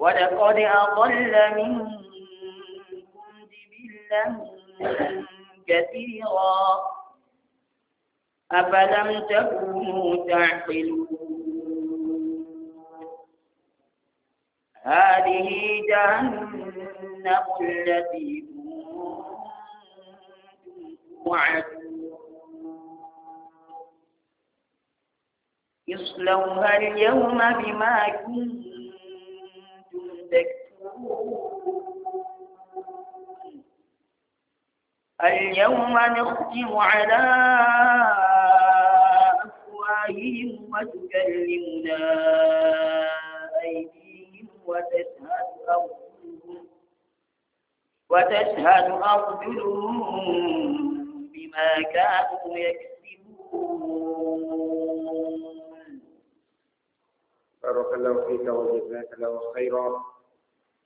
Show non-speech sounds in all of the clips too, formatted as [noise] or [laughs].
ولقد أضل منكم جبلا كثيرا أفلم تكونوا تعقلون هذه جهنم التي كنتم توعدون اصلوها اليوم بما كنتم اليوم نختم على أفواههم وتكلمنا أيديهم وتشهد أرجلهم وتشهد أرجلهم بما كانوا يكسبون بارك الله فيك وجزاك الله خيرا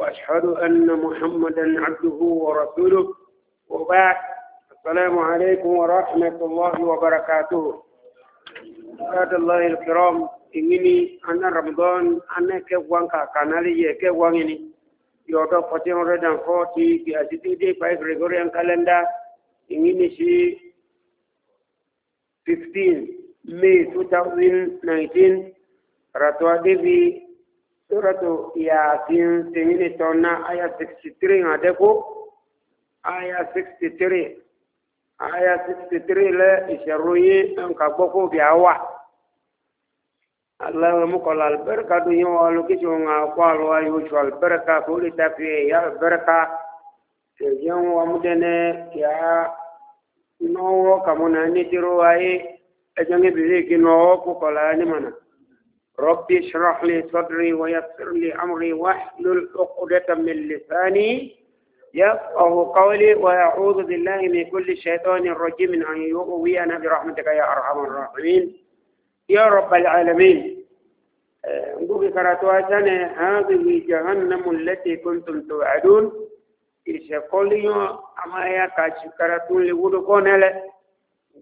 وأشهد أن محمدا عبده ورسوله وبعد السلام عليكم ورحمة الله وبركاته عباد الله الكرام إنني أنا رمضان أنا كوان كانالي كوانني يوضا 1440 بأسيتي باي غريغوريان كالندا إنني شي 15 May 2019 Ratwa Devi suratu yasin tengini tona aya 63 ngadeko aya 63 aya 63 le isharuyi nkaboko biawa Allah mukola albarka du yo alu kicho nga kwalo ayu cho albarka kuli tafi ya albarka tejan wa mudene ya nowo kamuna ni tiro ai ejange bize kinowo kukola ni mana ربي اشرح لي صدري ويسر لي أمري واحلل عقدة من لساني يفقه قولي ويعوذ بالله من كل شيطان رجيم أن يؤوينا برحمتك يا أرحم الراحمين يا رب العالمين آه، نقول كراتواتنا هذه جهنم التي كنتم توعدون يشقولي أما يا كاتشكراتون هلا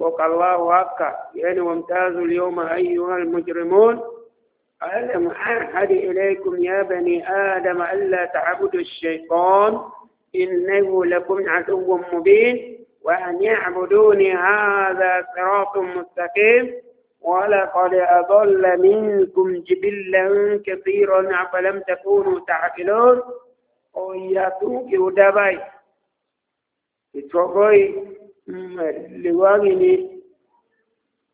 لك الله أكا يعني ممتاز اليوم أيها المجرمون ألم أعهد إليكم يا بني آدم ألا تعبدوا الشيطان إنه لكم عدو مبين وأن يعبدوني هذا صراط مستقيم ولقد أضل منكم جبلا كثيرا فلم تكونوا تعقلون وياتوك ودبي تتوقعي لواغني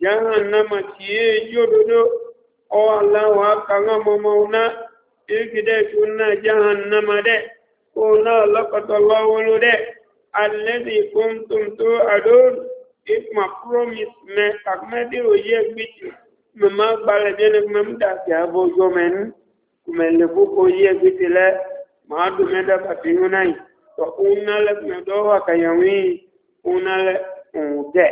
jahannama tiye jododo o allah wa kanga momona igide tunna jahannama de ona lakat allah wolu de alladhi kuntum tu'adun ma promise me akmedi o ye gbiti mama gbale bene mam da ya bo jomen kumele bu ko ye gbiti le ma du me da patinunai to unale me do wa kayawi unale unde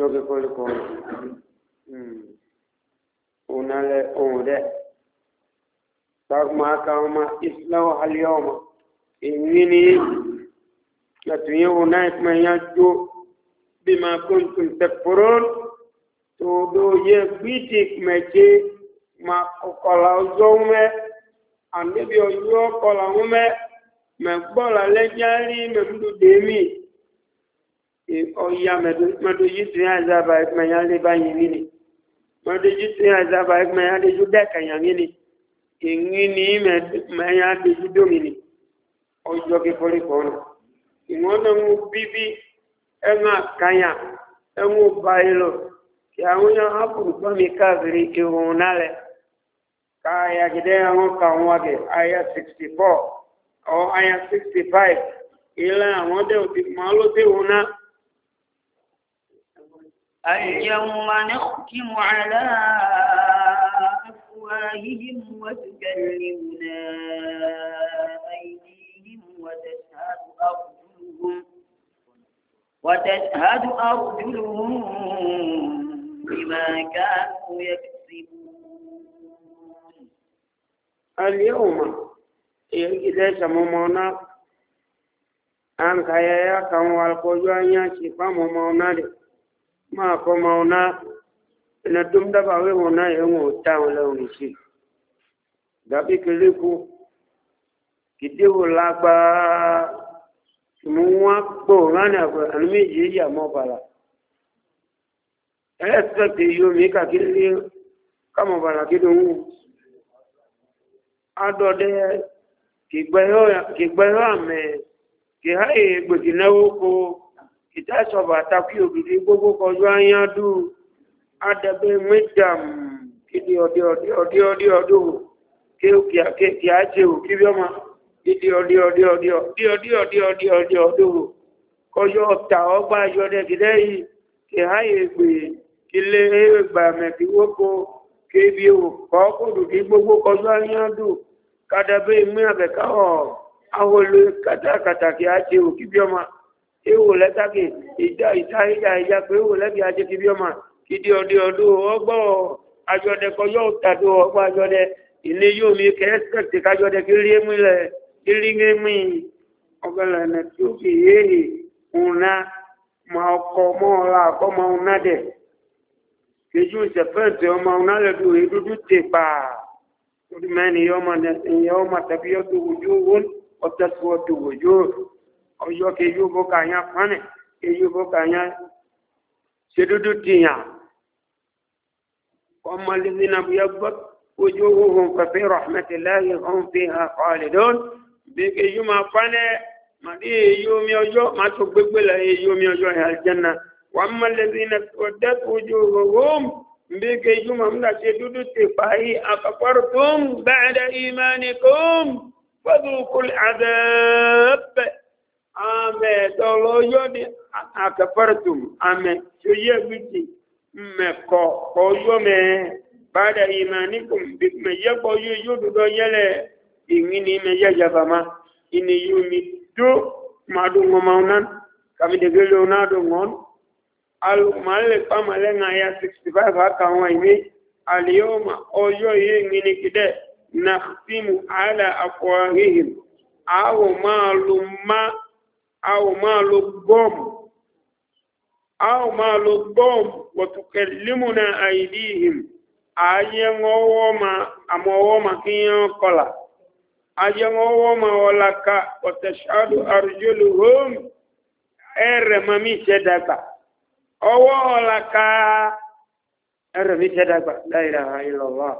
lókè kọ́lùkọ́ òun alẹ́ òun dẹ́ sáàkùnmọ́ aka ọmọ ìsìláwọ̀ alẹ́ ọmọ èyí ni àtúnyẹ òun náà ìpínlẹ̀ yẹn jó bí máa kó nǹkan tẹ̀pọ̀rọ̀ tó dó yẹ gbídì mẹ́tẹ́ máa kọ̀kọ̀lá ọjọ́ mẹ́ àndébí ọjọ́ kọ̀lá mẹ́ mẹ́gbọ́lá lẹ́járí mẹ́mdúdé mi. ọhịa mẹ́dọ̀jú tí yá zába ẹgbẹ̀yà lè bá yìí rí ni mẹ́dọ̀jú tí yá zába ẹgbẹ̀yà lè jú ni èyí ni mẹ́yà lè jú dómi ni ọjọ́ kékeré kan nù ìwọ́n náà ń bíbí ẹ̀wọ̀n àkànyà 64 65 a ma na. اليوم نختم على أفواههم وتكلمنا أيديهم وتشهد أرجلهم وتشهد أرجلهم بما كانوا يكسبون اليوم إذا سمونا أنك يا كم والقجوان شفا مونا لك máa kọ́ ma ọ̀nà we tó ń dábàá wíwọ̀n ọ̀nà ẹ̀wọ̀n ọ̀tá wọn lẹ́wọ̀n sí dàbí kele kú kìdí wò lágbàá mú wọn gbò ránì àgbẹ̀ àmì méjì yà mọ́ bàlá ẹ̀ẹ́sẹ̀tì yomi kàkiri kámọ̀ bàlá kí ló ń wù adọ́dẹ kìgbẹ́yọ́ ìtàṣọ̀bà àtàkì òdìdí gbogbo kọjú ayá dù adẹ́gbẹ́ mẹ́dàm ìdí ọdí ọdí ọdí ọdí ọdí kéèkì àkéèkì àjẹ òkí bíọ́mà ìdí ọdí ọdí ewu lẹ́tàkì ìjà ìtàríjà ìjà pé ewu lẹ́bí ajé kí bí ọmọ ìdí ọdí ọdún ọgbọ́ àjọdẹ kọ yóò tàbí ọgbọ́ àjọdẹ ilé yóò mi kẹ́ẹ́sìkẹ̀tì kájọdẹ kí rí mú ilẹ̀ kí rí ní mí ọgbẹ̀lẹ̀nà tí ó fi yéèrè ọ̀nà ma ọkọ̀ mọ́ ọ̀la àkọ́ ma ọ̀nà dẹ̀ kejú ìṣẹ̀fẹ́ǹtì ọmọ ọ̀nà lẹ́dù ìdúdú tè pa ọdún mẹ́rin yọ ọmọ tàbí ọdún òjò ọtẹ́sùn ọdún òjò ọjọ́ kejú bó ka yá pánẹ̀ kejú bó ka yá ṣe dúdú tìyàn ọmọ lẹ́sìn náà bóyá gbọ́ ojú ohun pẹ̀fẹ́ rahmatulahi ọ̀hún fi hàn ọ̀lẹ́dọ́n bí kejú máa pánẹ̀ màdí èyí omi ọjọ́ máa tó gbégbé la èyí omi ọjọ́ yà jẹ́nà wà á mọ lẹ́sìn náà tó dẹ́kun ojú ohun bí kejú máa múlá ṣe dúdú ti fàáyí àkàkọ́rọ̀ tó ń bẹ́ẹ̀ dẹ́ ìmánì kó ń fọ́dún kúlẹ̀ àdẹ́ẹ́bẹ̀. ame dɔlɔ yɔ ni akɛfɛritum ame tso yɛ witi mme kɔ kɔ yɔ mɛ baada imani kum bi mɛ yɛ kɔ yɔ yɔ dodo yɛlɛ ìwini mɛ yɛ ini yomi do na do ya sixty aka wɔn ime aliyoma ɔyɔ yɛ ŋini kidɛ ala awo ma. a ò máa lo gọ́ọ̀mù a ò máa lo gọ́ọ̀mù wọ̀tùkẹ̀ límùnà ma kí kọlà ma ọlaka àrùjọ́lù hóòmù ma mí ṣẹ́ dàgbà ọwọ́ ọlá ẹ̀rẹ̀ mí ṣẹ́ dàgbà láìra ìlọ́wọ́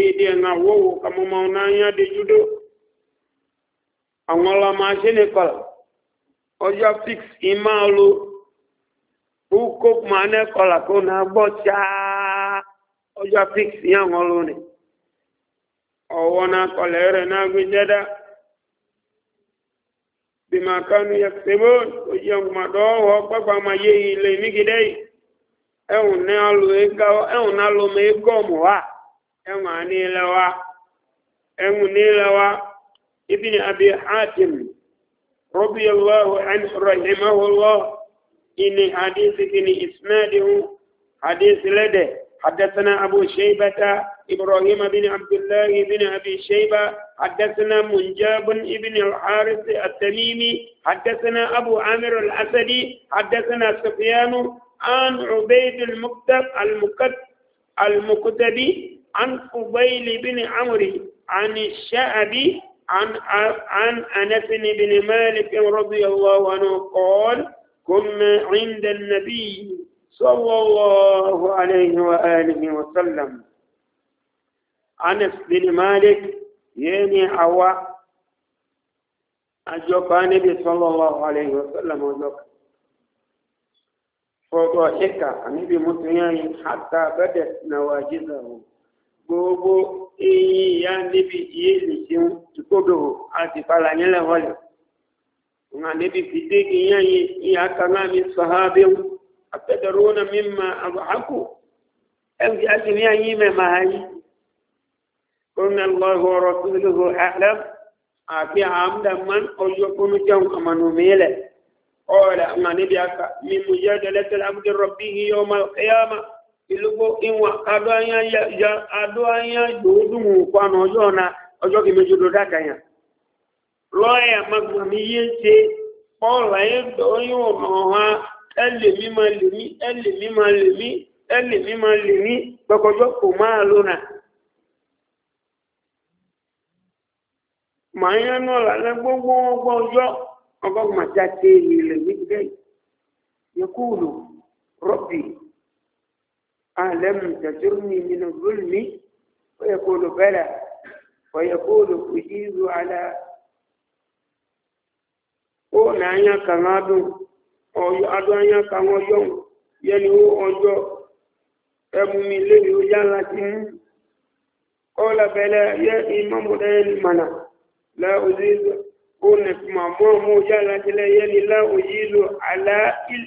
ìdí ẹ̀nà wọ́wọ́ kàmọ́mọ́ náà yá de júdó àwọn ọlọ́mọ ọjọ́ fix ìmá lo ukó máa ní kọlà kó náà gbọ́ ṣáá ọjọ́ fix yẹn wọn lo ni ọwọ́ náà kọlà rẹ̀ náà gbé jẹ́dá bí máa kánú yẹ sebo ojú ẹ̀hún máa dọ́wọ́ gbàgbà máa yé ilé nígidẹ́ yìí ẹ̀hún náà lo ẹ̀ka ẹ̀hún náà lo mẹ́ gọ́ọ̀mù wa ẹ̀hún àní ilẹ̀ wa ẹ̀hún ní ilẹ̀ wa ibi ni abi hatim. رضي الله عنه رحمه الله إن حديث إن إسماده حديث لدى حدثنا أبو شيبة إبراهيم بن عبد الله بن أبي شيبة حدثنا منجاب بن الحارث التميمي حدثنا أبو عامر الأسدي حدثنا سفيان عن عبيد المكتب المكتب المكتبي عن قبيل بن عمرو عن الشعبي عن عن أنس بن مالك رضي الله عنه قال كنا عند النبي صلى الله عليه وآله وسلم أنس بن مالك يني أوا أجوب النبي صلى الله عليه وسلم أجوك فضحك النبي مسلم حتى بدت نواجذه gbogbo eyín ìyá níbi ìyéèlì ṣeun ìkódò àti ìfàlàyínlẹ̀ wọlé wọn níbi fìdíkì yẹnyẹ ìyá kanáàmì a àtẹ́dọ̀rọ́nà mímọ àbúhákù ẹnjẹ́ àtìní ayé mẹ́mà ayé kọ́nà lọ́wọ́ ọ̀rọ̀ sílùú àlẹ́ àti àmdà man ọjọ́ kúnú jẹun ọ̀rẹ́ níbi ilugbo inwa adụ anya ya adụ anya jodumu kwa na ojo na ojo ga meju do daka ya lawyer magma mi ye ihe paul ayi do yo no ha ele mi ma le mi ma le mi ma le mi gbokojo ko ma lo na ma ya ọjọ la ma ja te ile mi de yakulu rabbi ألم تجرني من الظلم ويقول بلى ويقول أجيز على ona anya kan adun oyo adun anya kan oyo yeni o ojo emu mi le mi o ya la tin kola bele ye imam den mana la uziz ona kuma mo mo ya la tele yeni la ujizu ala il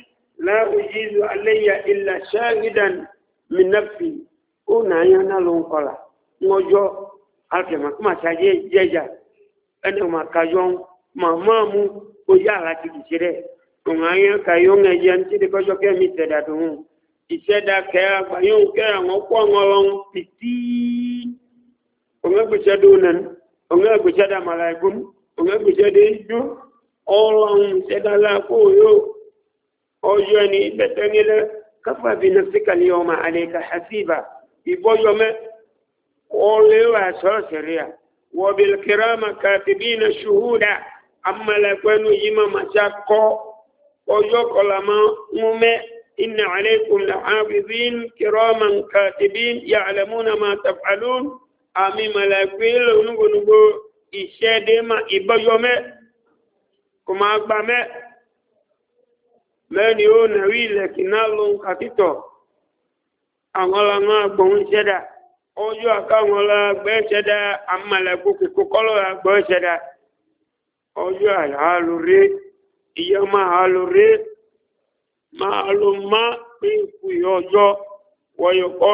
la ujizu alayya illa shahidan min nafsi o na ya na lo nkola ngojo alkema kuma chaje jeja ene ma kajon ma mamu o ya la ti kisire o na ya kayon e je nti de kojo ke mi teda dun iseda ke agba yo ke awon po ngolon titi o me gbe sedo nan o me gbe seda malaikum o me gbe sede ijo ọlọrun ṣẹdá lápò yóò ọjọ ẹni bẹtẹ nílẹ kafa bi nafsika liyoma alayka hasiba iboyome olewa sosiria wa bil kirama katibina shuhuda amma la kwenu yima machako oyokolama mume inna alaykum lahafizin kiraman katibin ya'lamuna ma taf'alun ami malakwil nugo nugo iṣẹ́ dé ma ìbọ́yọ́mẹ́ kò máa gbà mẹ́ mẹ́ni ó nàrí ilẹ̀kì náà ló ń kàtítọ̀ àwọn agbóhun ṣẹ́dá ọjọ́ àkáwọn ọlọ́gbẹ́ ṣẹ́dá kọ́lọ́ àgbọ́ ṣẹ́dá ọjọ́ àhálórí ìyá máa hálórí máa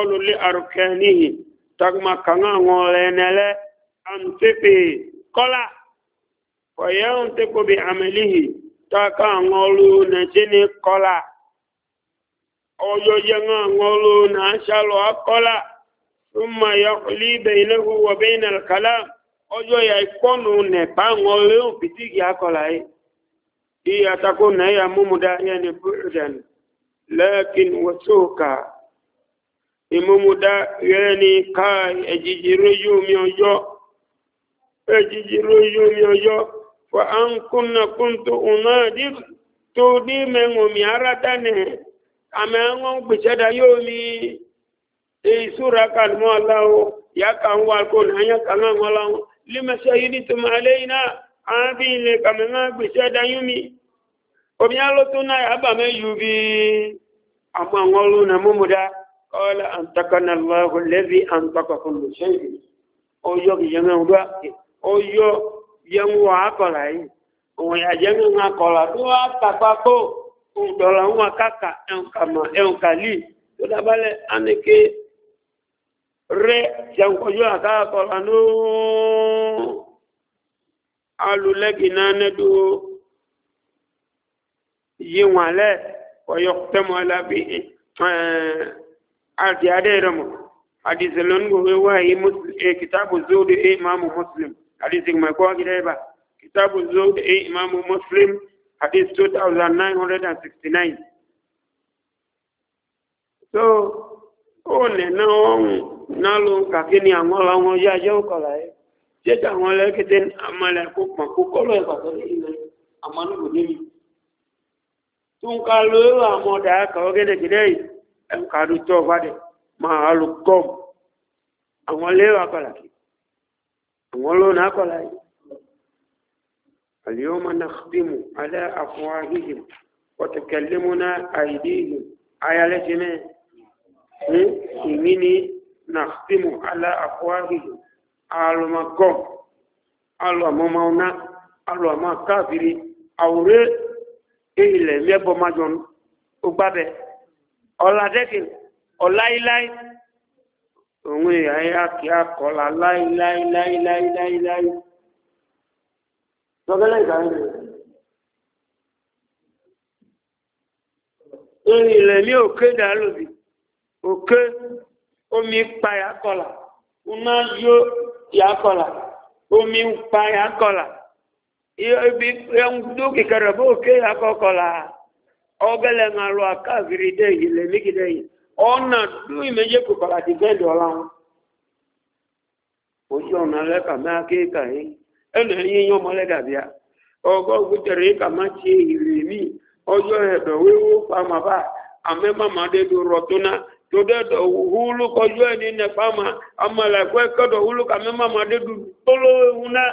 ló lé àrùkẹ́ níhì tagma taka ŋɔlu ne tsini kɔla ɔyɔyɛ ŋa ŋɔlu na asialɔ akɔla ثم يحلي بينه وبين الكلام ọjọ́ ya ikọ́nù nẹ̀bá ya léhùn pìtìkì akọ̀lá yìí iye àtakò náírà múmúdá yẹni búrúdàn lẹ́ẹ̀kìn wọ́sọ́ọ̀kà ìmúmúdá ka ká ẹ̀jìjì rójú omi ọjọ́ ẹ̀jìjì rójú omi wa an kunna kuntu unadir to di mengumi aratane ame ango bichada yomi e sura kalmu allah ya kan wal ko na kan ngala lima shahiditum alaina abi le kamanga bichada yumi obialo tuna ya ba me yubi amma ngolu na mumuda qala antakana allah alladhi yẹn wọ akọ̀là yìí òun yàjẹ́ ń ŋa kọ̀là tó wá kàkpà kó òun dọ̀là ń wà kàkà ẹ̀hún kàmà ẹ̀hún kàlí tó dábàlẹ̀ anike rẹ jẹnkọjọ àtàkà kọ̀là nóò alulẹ́gì náà nẹ́dó yí wọn lẹ́ ọ̀yọ́ tẹ́mọ̀ ẹlẹ́bi ẹ̀ àti adé rẹ̀ wáyé kìtàbù zóde ẹ̀ máàmù mùsùlùmí hadithi kumekuwa kideba kitabu zuhud e eh, imamu muslim hadis 2969 so ole na ohun nalo kakini àwọn làwọn ọjọ ajé òkọlà ẹ jẹjẹ àwọn ẹlẹkẹtẹ amọlẹ kó pọn kó kọlọ ìpàtẹ ilẹ àmọlùkù níbi tó ń ka lóyún àwọn ọdà akàwọ gẹdẹgẹdẹ yìí ẹ ń kàdú tó ọba dẹ máa lù gọm àwọn lẹwà kọlà kìí àwọn ló náà kọ́ láyé àlìyọ́mọ náà bímú alẹ́ àfọwọ́ ahìhìm ọ̀tẹ̀kẹ̀lẹ́mú náà àìdíhìm ayálẹ́jẹ́ náà ní ìmíní náà bímú alẹ́ àfọwọ́ ahìhìm alọ́mọkọ́ alọ́mọmọ́ná alọ́mọkáfìrí àwòrán ilẹ̀ mẹ́bọ̀ májọ́nù ó gbábẹ́ ọ̀làdẹ́kìn ọ̀láíláí. ya òun ìyá lai lai lai kọ́la láíláíláíláíláíláí lọ́gẹ́lẹ́ ìdáyé ìrìn ilẹ̀ ní òkè dàlóbi òkè omi pa ya kọla. iná yó ya kọla. omi pa ya kọ́la ibi ẹ̀ńdó kìkẹrẹ bó òkè yà kọ́ kọ́la ń alọ àkàvìrì dẹ́yìn ilẹ̀ nígidẹ́yìn. ọ̀nà tún ìmẹ́jẹ́ kò padà ti bẹ́ẹ̀dì ọlá wọn ojú ọ̀nà lẹ́kà máa kéèkà yìí ẹnà yíyan ọmọ lẹ́kà bíá ọgọ́ yìí máa ṣe ìrè mí ọjọ́ ẹ̀dọ̀ wíwó pàmà bá ló tó dẹ́dọ̀ wúlú pàmà àmàlẹ́kọ́ ẹ̀kọ́dọ̀ wúlú ná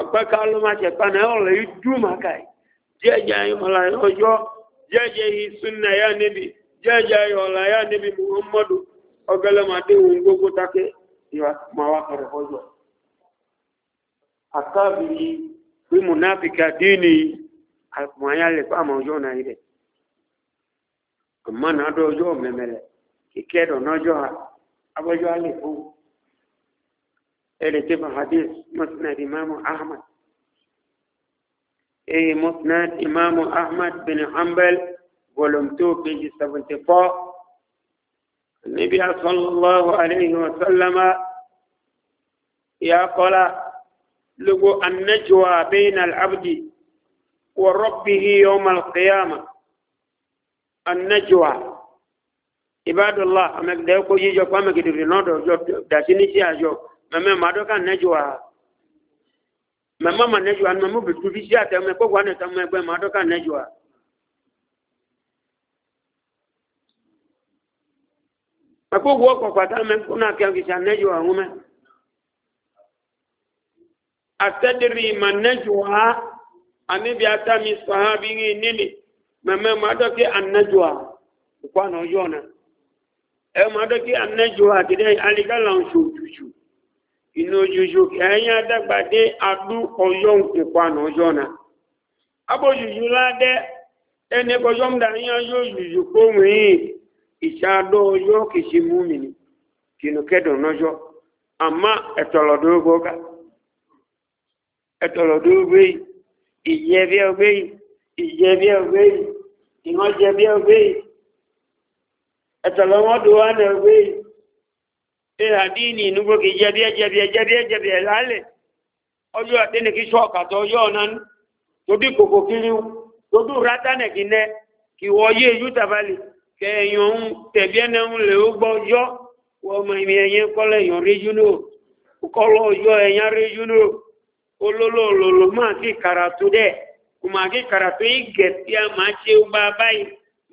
akpɛka ló na tse kpa náà ɔlɛ idu ma ka yi jɛjɛ yi ya nebi jɛjɛ yi ya nebi ma de ohun gbogbo take yɔ ma wa kɛrɛ ɔyɔ akabi yi bi munafika diini ma ọjọ na yi dɛ na do ɔyɔ mɛmɛ ha abɔyɔ alɛ إلى تبع حديث مسند إمام أحمد أي مسند إمام أحمد بن حنبل volume 2 page 74 النبي صلى الله عليه وسلم يا قولا لغو النجوى بين العبد وربه يوم القيامة النجوى عباد الله أمك ديوكو جيجو قامك دي جو داشيني سياجوكو mɛmɛ maa dɔ ka nɛjɔ a mɛmɛ ma nɛjɔ a mɛmɛ bɛ tubi si a tɛ mɛ kpɔkɔ anɛ tɛmɛ gbɛ maa dɔ ka nɛjɔ a. akpɔkɔ kɔkɔta mɛ kó na kɛ kisa nɛjɔ a ŋu mɛ asɛdiri ma nɛjɔ a ani bi ata mi sɔha bi ŋi nini mɛmɛ maa dɔ kɛ anɛjɔ a kó anɔ yɔ na ɛ maa dɔ kɛ anɛjɔ a ti dɛ alikala ŋu so inú ojújú kẹ́yìn adágbàdé adú ọjọ́ ìpanu ọjọ́ náà abójújú ládé ẹni kọjọ́ ń dàníyàn yóò jùjú kóhùn yìí ìṣàdó ọjọ́ kìí mú mi ni kìnnù kẹ́dùn lọ́jọ́ àmá ẹ̀tọ̀lọ̀dógó ká ẹ̀tọ̀lọ̀dógó yìí ìjẹ́bí ọgbé yìí ìjẹ́bí ìhà díìnì inúgbó kì í jẹbi ẹjẹbi ẹjẹbi ẹjẹbi ẹ lálẹ ọjọ àtẹnì kì í sọ ọkàtọ ọjọ ọ̀nà ní tóbi kòkò kiri tóbi rátánẹ kì nẹ kì wọ yé eyu tabali kẹ ń tẹbi ẹnẹ ń lè ó gbọ ọjọ ọmọ ìmì ẹyẹn kọlẹ ẹyàn rẹjúnò kọlọ ọjọ ẹyàn rẹjúnò olólò lòlò máa kí karatu dẹ kò máa kí karatu yìí gẹ̀ẹ́sì àmà ṣe gbà báyìí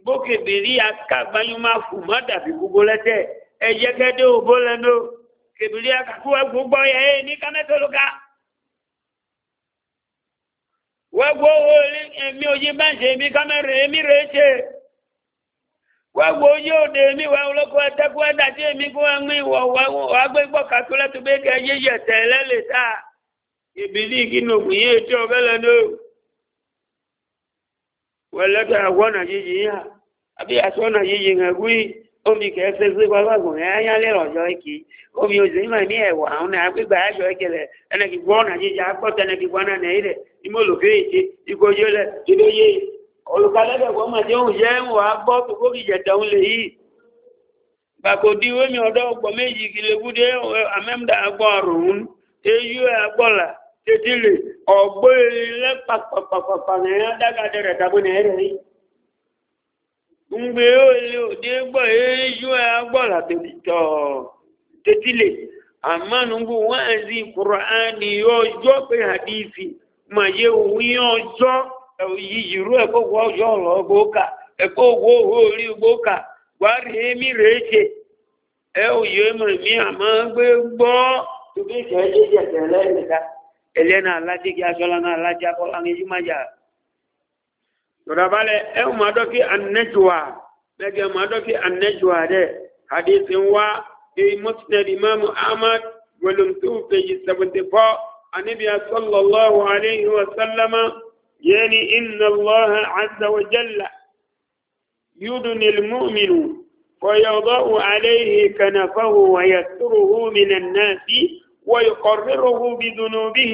bókè bèrè akágbáyé máa fò má dàbí gbogbo lẹ́tẹ̀ẹ́ ẹ̀jẹ̀ kẹ́dẹ́ òbó lẹ́nu kèbìlì àkàkú ẹ̀gbọ́n gbọ́ yẹ ẹ́ ní kámẹ́tọ́lùkà wẹ́gbọ́ olè èmi òye bẹ́ǹṣẹ̀ èmi kámẹ́rẹ̀ èmi rẹ̀ ṣe wẹ́gbọ́ yóò dé èmi wẹ́ olóko ẹ̀tẹ́kú ẹ̀dá tí èmi kú ẹ̀ ń wọ̀ wá gbé gbọ́ kàtúlẹ̀ tó bẹ́ẹ̀ kẹ́ yéyẹ tẹ̀ lẹ́lẹ̀ tá kèbìlì ìkínú òkú yé etí ọ̀bẹ́ lẹ́nu wẹ́lẹ́tọ̀ àwọn omi kẹsẹ ṣe gbọgbọgbọ ẹ ayálẹ ọjọ ike omi oṣù nígbà ní ẹwà àwọn náà gbígbà ayọ ìkẹlẹ ẹnẹkì gbọ ọnà jíjà akpọtẹ ẹnẹkì gbọ ọnà nẹyìn rẹ ìmọlòkè ètè ìkọjọ lẹ ìdó yé olùkàlẹbẹ kọ màdé òun yẹ ń wà gbọ tó kókì jẹta òun lè yìí bàkò di omi ọdọ ọgbọ méjì kìlẹkùdé amẹmdà agbọ ọrùn eyú agbọlà tètè lè ọgbọ ilẹ pàpàpàpà nẹyìn adágadẹrẹ tàbí nẹyìn rẹ yìí. mgbe ole ụdị gbọ eju ya gbọla tetile amanụ mgbe nwazi kwụrụ anị ọjọọ pe hadisi ma ye onwe ọjọọ yiji ruo ekpogwo ọjọọ lọgbo ụka ekpogwo ohori ugbo ụka gwarie miri eche eoyi ememe ama gbe gbọọ tupu ike ejeji ekele eleka ele na alaji gị ajọla na alaji abọla na tọ́dàbálẹ̀ ẹ ò máa dọ́kí anẹ́jùwà lẹ́gẹ̀ máa dọ́kí anẹ́jùwà rẹ̀ hadith ń wá èyí mọ́tìnẹ̀rì imam ahmad wẹ̀lùmtú fèyí 74 anábíà sallallahu alayhi wa sallama yẹni inna allah azza wa jalla yudun ilmuminu فيضع عليه كنفه ويستره من الناس ويقرره بذنوبه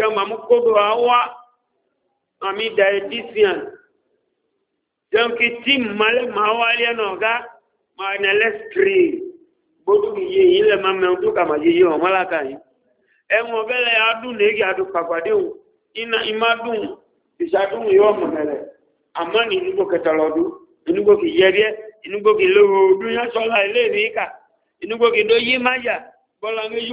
tẹ màmú kódò àwa àmì dietitian tẹ kí tíìmù malẹ màá wá lẹ náà gá màá nà lẹsítírì gbódù yìí yìí lẹ máa mẹun tó kà máa yẹ yìí ọmọ làkà yìí ẹwọn bẹlẹ adùn lẹgì adùn pàpàdé o iná ìmádùn ìṣàdùn yóò mọ̀nẹ̀lẹ̀ àmọ́ ní inúgbò kẹtàlọ́dún inúgbò kì yẹrẹ́ inúgbò kì lówó ọdún yẹn sọ́la ilé mi inúgbò kì dó yí máyà bọ́lá méjì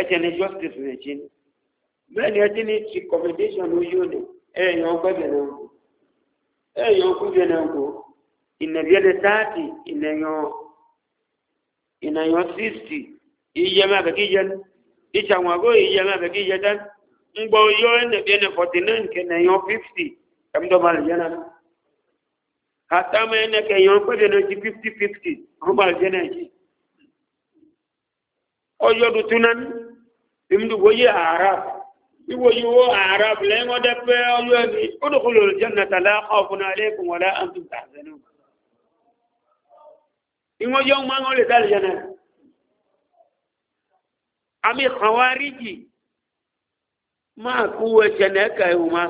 ẹ̀jẹ̀ ni justice rẹ̀ jí ni bẹ́ẹ̀ ni ẹtí ní ti commendation ló yóò ní ẹ̀yàn ọgbẹ́bẹ̀ náà kò ẹ̀yàn ọgbẹ́bẹ̀ náà kò ìnàbíẹ́dẹ̀ táàtì ìnàyàn sísì iye máa bẹ̀ kí yẹ ní ìṣàwọn àgọ́ iye máa bẹ̀ kí yẹ dá ń gbọ́ yọ ẹ̀nàbíẹ́dẹ̀ forty nine kẹ̀nàyàn fifty ẹ̀mdọ́mà lè yẹn náà kàtàmọ́ ẹ̀nàkẹ̀yàn fifty fifty ọmọ àlùjẹ́ náà yìí ọjọ́ tuntun náà imdu woyi arab iwoyi wo arab lẹ́yìn ọdẹ pé ọyọ ni ó dùkú lòlù jẹ́nà tàlá ọ̀fun alẹ́kùn wọlé àǹtí tàzẹ́nù ìwọ́n yọ máa ń lè dálẹ̀ jẹ́nà àmì kàwáríjì máa kú ẹ̀jẹ̀ náà ẹ̀ka ẹ̀hùn ma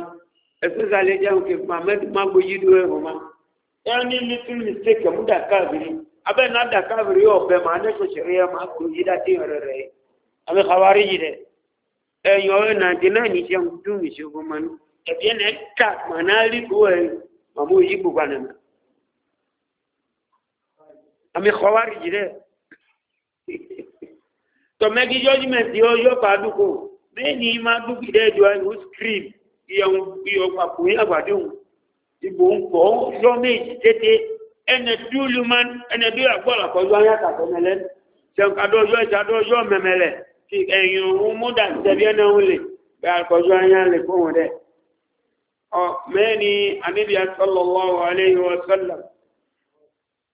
ẹ̀fẹ́ sàlẹ̀ jẹun kí mohammed má gbóyí dúró ẹ̀hùn ma ẹni little mistake ẹ̀mú dàkàbìrì abẹ́ náà dàkàbìrì ọ̀bẹ màá nẹ́sọ̀ṣẹ̀rẹ̀ máa gbóyí dá àbí kàwárí yìí rẹ̀ ẹ̀yìn ọ̀rẹ́ nàìjíríà náà ní ṣe ń dùn ìṣòro mọ́nú ẹ̀bí ẹ̀ náà kà mà náà rí kú ẹ̀ màmú yìí gbogbo àná àmì kàwárí yìí rẹ̀ tọ̀mẹ́kí judgment yóò yọ pàdúkò bẹ́ẹ̀ ni máa dúkì dẹ́ ìjọ ẹ̀hún scream ìyẹ̀hún ìyọ̀pọ̀ àkùnrin àgbàdo ìbò ń pọ̀ yọ méjì tètè ẹnẹ dúlùmán ẹnẹ dúlù àgbọ̀ àkọ́jọ́ ayé àtàkọ́ mẹ́lẹ́ ṣẹ̀ǹkadọ́jọ́ ìṣàdọ́jọ́ mẹ́mẹ́lẹ́ ti ẹ̀yìn ohun múdà tẹ̀bí ẹ̀nà ohun lè bẹ àkọjú ayá lè fóhùn rẹ̀. ọ mẹ́ni anábì asọ́lọ́wọ́ aléyìn ọ̀sọ́lọ̀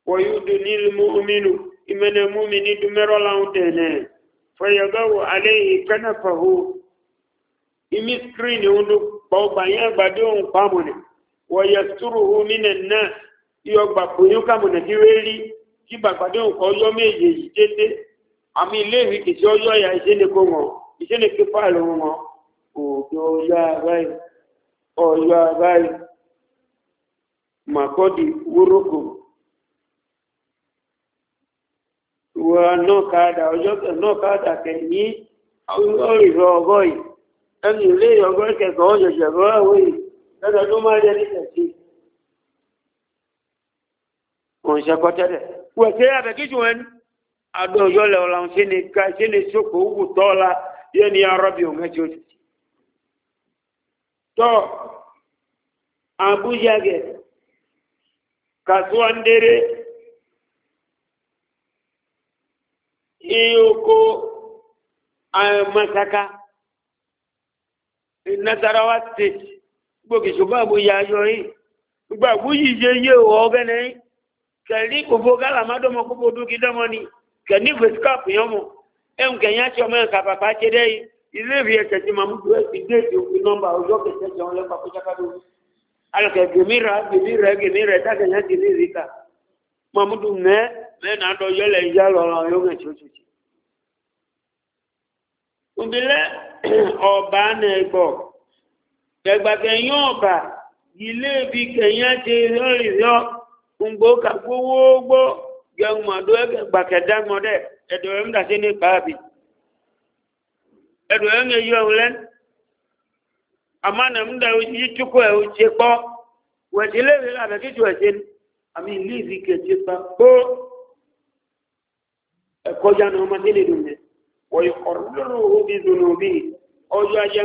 wọ̀yúdù nílùú mímú ìmẹ́nà múmi ní dúmẹ́rọ́ láhùn tẹ̀nẹ̀ fọyọ̀gọ́wọ̀ aléyìn kẹ́nàfọ̀hù ìmí skrin ohun kí wérí kí bàgbàdé ohun kọ́ yọ́ méjèèjì àmì ilé ìwé kì sí ọjọ́ ìyá ìṣẹ́lẹ̀kọ wọn ìṣẹ́lẹ̀kẹ fáìlì wọn ọjọ́ ọjọ́ àbáyé ọjọ́ àbáyé màkọ́dì wúrókò wọ náà káàdà ọjọ́ náà káàdà kẹ̀yìn ọ̀rìnrọ̀ ọgọ́ yìí ẹni ilé ọgọ́ ìkẹ̀kọ̀ ọ̀ṣẹ̀ṣẹ̀ bọ́ àwọn yìí lọ́dọ̀ tó máa jẹ́ nípa sí òǹṣẹ́kọ́ tẹ́lẹ̀ wọ̀ sí àbẹ̀kíjù ẹni ado yole ola sini ka sini soko ugu tola yeni ya rabi umecho to abuja ge kasuwa ndere iyoko masaka nasarawa state gbogbo ìṣòbá àbúyá ayọ yìí gbogbo àbúyí yeye ọgẹ́nẹ́yìn kẹ̀lí kòfó gálámádọ́mọ kókó dúkìdọ́mọ ni kẹni gbèsíkàpù yẹn mọ ẹn kẹyìn àti ọmọ yẹn kà bàbá ṣe dẹ yìí ilé ìwé ẹsẹ tí màmú tó ẹsẹ dé èdè òfin nọmba ọjọ kẹsẹ jẹ wọn lẹpa kọjá kádó alùpẹ gèmí rà gèmí rẹ gèmí rẹ dákẹyìn àti ní ìrìkà màmú tó mẹ mẹ nàá dọ yẹlẹ ìyá lọrọ yóò ń ẹsẹ oṣù tì. òbílẹ ọba nà ẹgbọ gbẹgbàgbẹyìn ọba ilé ibi kẹyìn àti ìrìnrìn yọ gbogbo kàgbówó gbó gẹ́gbọ́n ọdún ẹgbẹ́ gbàkẹ̀dá mọ́dẹ̀ ẹ̀dọ̀ ẹ̀ ń dàṣẹ́ ní pàábì ẹ̀dọ̀ ẹ̀ ń yọ ọ̀hún lẹ́nu àmọ́ nà ń da yí tukọ̀ ẹ̀ ó ṣe kọ́ wẹ̀tí léèrè làbẹ̀ kí tu ẹ̀ṣẹ̀ ni àmì líìsì kẹ̀ṣẹ̀ pa kó ẹ̀kọ́jà ni ọmọdé lè dùn mẹ́ wọ́n ọ̀rọ̀ òbí dùnú bí ọjọ́ ajẹ́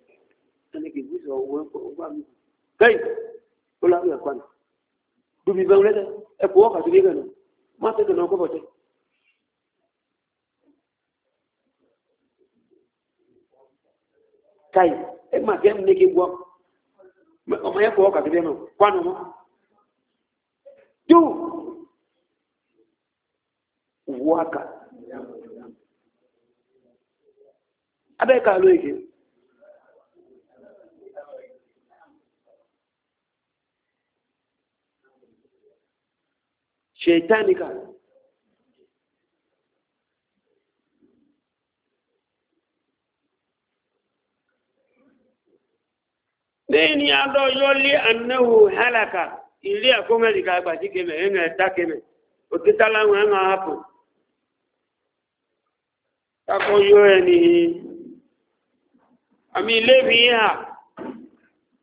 aneke gbèsè ọwọ ọgbà mi gẹyì ó lọ àwọn ẹkọ àná dùbí bẹ wúlẹ dẹ ẹkọ wọ kàtó gẹgẹ nù má tẹsán náà kọfọ tẹ. kayi ẹ má kẹ́ ẹ̀ neke gbọ́ ọmọ yẹn kọ wọ kàtó gẹgẹ nù kọ́ àná mọ́. tó wọ́ àkà abẹ́ ká ló yẹ kí. shaitanika bẹ́ẹ̀ ni adọ́ yọ lé anáwó hálàkà ilé àkómẹ́ríkà àgbàjí kẹmẹ̀ ẹ̀mẹ̀ ẹ̀ta kẹmẹ̀ òkúta láwọn ẹ̀mà hapù takọ yọ ẹni àmì ilé fi hà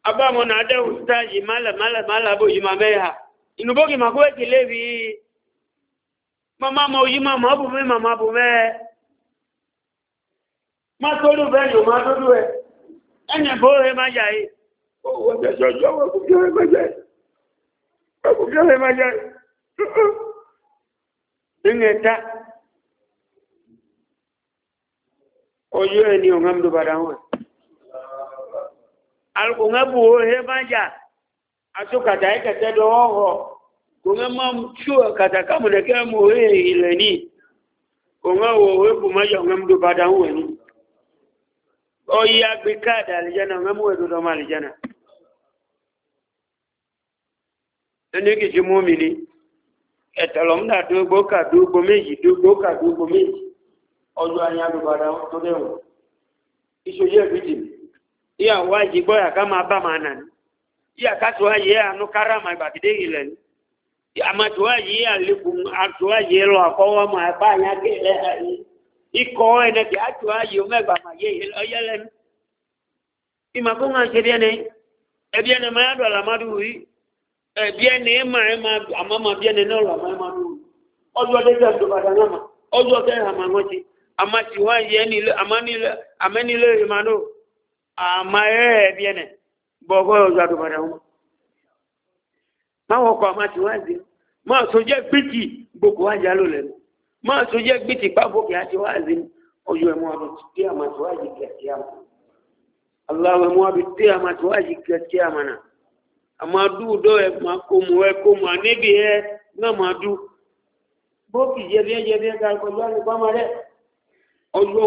abámọ́nà adẹ́wò sítájì málàmálàmálà bó yìí máa mẹ́ inubogi makuwe kilevi mama mauji mama abume mama abume matolu benyo matolue ene bohe majai wajajojo wakujohe majai wakujohe majai ingeta oyo eni ongamdu badawe alkungabuohe majai aso kata yi kata do ɔwɔ kòŋe ma tso kata kamu ɖe ke mo he yi le ni kòŋe wo he ko ma yɔ ŋe mo do ba da ŋu wɛnu ɔyi agbe ka da alidzana ŋe mo edo dɔ ma alidzana ɛni kisi mo mi ni ɛtɔlɔ mo na do gbɔ ka do gbɔ meji do gbɔ ka do gbɔ meji ɔyɔ anyi do ba da ŋu to ɖe ŋu isoyi ɛbi ti mi iyawo ayi gbɔ yaka ma akatuwa yie anu karama ibakide ilẹ ni amatuwa yie alekun atuwa yie lọ akọwọ ma ẹba anya kele ayi ikọ ẹnẹkẹ atuwa yie mẹgba ma yie ọyẹlẹ ni imako ŋa se bi ẹni e ẹbi ẹni ma ya do alamadu wi ẹbi e ẹni e ma ẹma amama bi ẹni n'ọlọ ma ẹma do ọdún ọdún ẹsẹ ndòbàdàn náà ma ọdún ọdún ẹsẹ àmà wọn ti amatiwa yie ni amani amani lórí ma ẹ ẹbi ẹni bọ́gọ́ ọjọ́ àdùbàdà wọn. máwọn ọkọ̀ àmà tí wọ́n ṣe máa tó jẹ́ gbìtì gbogbo wa jà ló lẹ́nu máa tó jẹ́ gbìtì pápókè àti wá ṣe ọjọ́ ẹ̀mú àbí tí àmà tí wá yìí kẹ̀kẹ́ àmà. aláwọ̀ ẹ̀mú àbí tí àmà tí wá yìí kẹ̀kẹ́ àmà nà. àmà dùn dọ́ ẹ̀ máa kó mu ẹ̀ kó mu ànẹ́bí ẹ̀ náà máa dùn. bókì jẹ́bíẹ́jẹ́bíẹ́ ká ọjọ́ àlùkò àmà rẹ̀ ọjọ́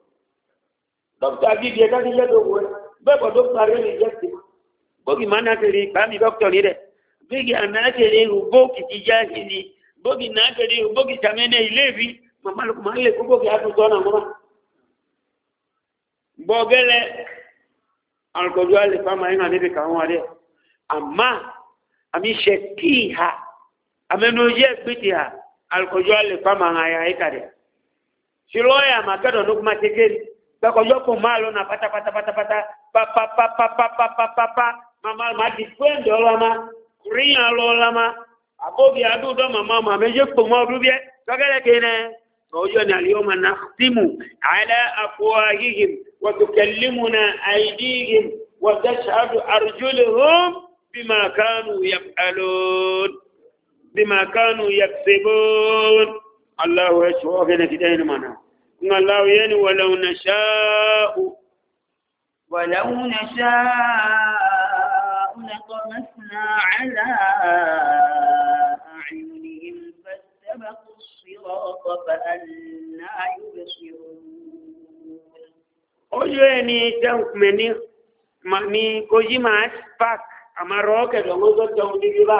dókítà gidi ẹ̀ka ní lẹ́dọ̀wọ́ ẹ bẹ́ẹ̀ bọ̀ dókítà rẹ̀ lè jẹ́ sí i bókì máa náà kiri bámi dókítà ní rẹ̀ bíkì àná kiri ihu bókì ti já sí ni bókì náà kiri ihu bókì sàmẹ́nẹ̀ ilé ìbí màmá lóko máa ń lè kó bókì àtúntò náà mọ́ra. bọ́gẹ́lẹ́ alùpùpù alẹ́ fáwọn ẹ̀yìn àdébí káwọn adé àmà àmì ṣe kíì ha àmẹ́nu yẹ gbìtì ha alùpùpù alẹ́ fáwọn àyà ẹ̀ka dẹ̀ ṣùlọ́ yà máa kẹ́dọ̀ ní kó máa ṣe kéèrè bakɔjɔko maalo na pata pata pata pata pa pa pa pa pa pa pa pa pa mama ma di fɛn dɔ la ma kuri ya lɔ la ma a ko bi a du dɔ mama ma mɛ je kpɔmɔ du biɛ dɔgɛlɛ ke nɛ tɔjɔ na liyɔ ma na timu ala afuwahihim wa tukallimuna aydihim wa tashhadu arjuluhum bima kanu yaf'alun bima kanu yaksibun allah ya shuwa ga na kidai الله يعني ولو نشاء ولو نشاء لطمسنا على أعينهم فاستبقوا الصراط فأنا يبصرون ojú ẹni jẹun pẹ̀ ní ní kojima park àmàrọ̀ ọ̀kẹ̀dọ̀ ọgọ́gọ́ jẹun ní bíbá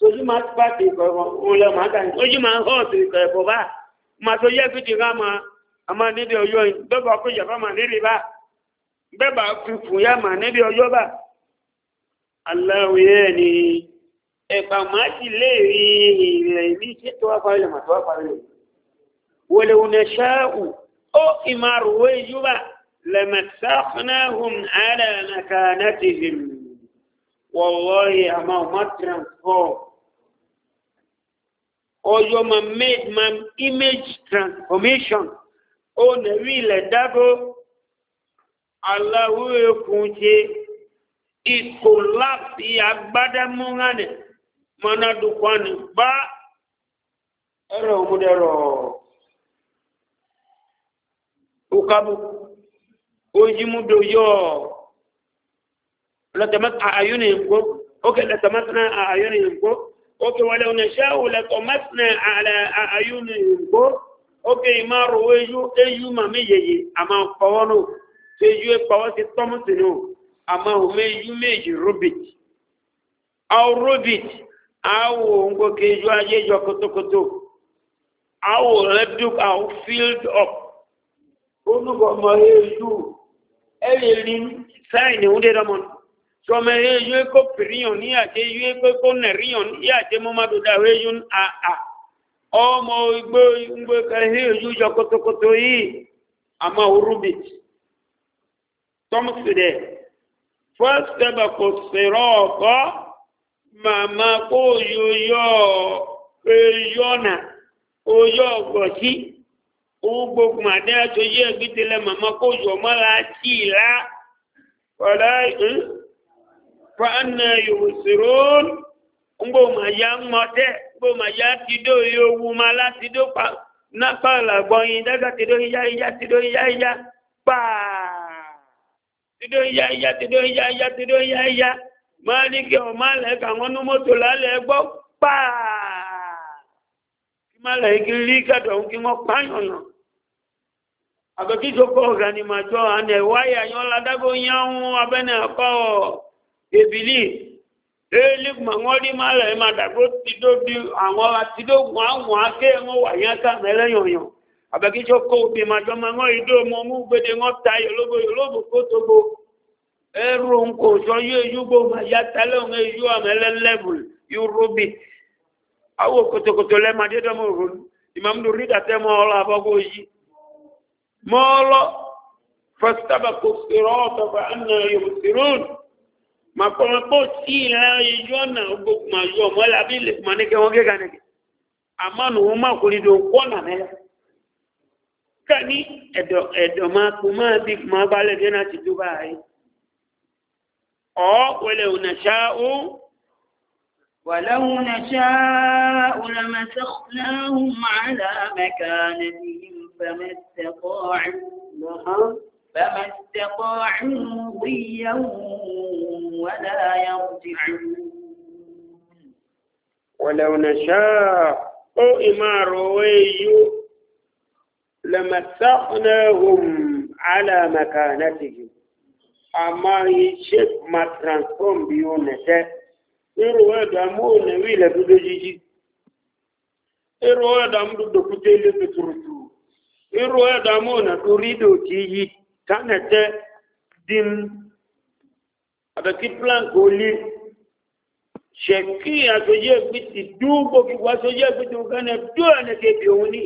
kojima park ìkọ̀ ẹ̀bọ̀ òun lẹ́wọ̀n àtàkùn kojima ama níbi ọyọ yìí bẹ́bà kó yàbá mà níbi bá bẹ́bà kúkú yá mà níbi ọyọ bá aláwòye ni ẹ̀pà máa ti lè rí ilẹ̀ ní ṣe tó wá parí mà tó wá parí lè wọlé wọlé ṣáàù ó ìmàrúwé yúbà lẹ́mẹ̀sáfúnáhùn àdánaka nátìhìm wọ̀wọ́yì àmà ọmọ transform ọyọ ma made ma image transformation ó nẹ̀rí ilẹ̀ dágó aláwúrekùn o ikò láti agbádámúhánì mọ́nàdùkwánì bá ẹ̀rọ òmúdẹ̀rọ̀ òkàbù ojímúdò yọ lọ́tẹ̀mẹ́ta àyúnì ókè wọlé oníṣẹ́ òlẹ́tọ̀mẹ́ta àyúnì ìgbó oge ìmá rowó eyú màmí yèyè àmà pọ̀wọ́ nù tí eyú pọ̀wọ́ ti tọ́mù sí nù àmà òmé eyú méjì rubit àwọn rubit àwò ngókè eyú ayé yọ kótókótó àwò lẹ́dùk àwò filled up olùbọ̀mọ̀ eyú ẹ̀yẹ ní sáìnì òǹdè dọ́mọ sọmọ eyú kó pìrìyàn ní àti eyú kó nẹ̀ríyàn ní àti mọ́mọ́dúdà eyú àà. ọmọ igbó igbó kẹhìn ojújọ kótókótó yìí àmọ́ orúbì tọ́mùsì dẹ̀ kò sèrọ̀ ọ̀kọ́ màmá kó yóyọ eyọ́nà àdé màmá kó yọ mọ́ra tí ìlà ọ̀rẹ́ ń fa ẹ̀nà ìwòsèrò ń gbọ́ kpoma ya ti do yowu ma la do pa na pa la gbɔnyi daga ti do ya ya ti do ya ya kpaa ti do ya ya ti do ya ya ti do ya ya maaliki o ma lɛ ka ŋɔnu moto la lɛ gbɔ kpaa ma lɛ ki li ka dɔn ki ŋɔ kpa nyɔnyɔ abe ki soko ɔgani ma jɔ anɛ waya nyɔ la dago nyawu abe ne kɔ ebili. eli mangoli mala madago tido bi angola tido ngwa ngwa ke ngo wanyaka mele yonyo abaki choko bi majo mango ido mo mu gbede ngo tayo lobo lobo kotobo eru nko so ye yugo ma ya tale ngo level awo kotokoto ma dedo mo ru do yi makɔmɔ kpɔ tii la yɔ na gbɔ kuma yɔ mɔ la bi le kuma ne kɛ wɔn kɛ ka ne kɛ a ma nu ma kuli do kɔ na mɛ la kani ɛdɔ ɛdɔ ma kuma bi kuma ba lɛ dena ti do ba على مكانتهم فما استطاعوا فما استطاعوا ولا يرجعون ولو نشاء أو إما روي لمسخناهم على مكانتهم أما يشك ما ترانسفورم بيونته irú ẹ̀dà mọ́ọ̀nà rí ilẹ̀ tó lójíjí irú ẹ̀dà mú dòkúté ilé pẹ̀tùrùtù irú ẹ̀dà mọ́ọ̀nà tó rí dòkí yìí tánẹ̀tẹ́ dín àbẹ̀ kí plank ó lé ṣẹ̀kí àtòyí ẹ̀gbí ti dúgbò kí wá sójú ẹ̀gbí ti wọ́n ní ẹ̀dú ẹ̀nà kébì òun ní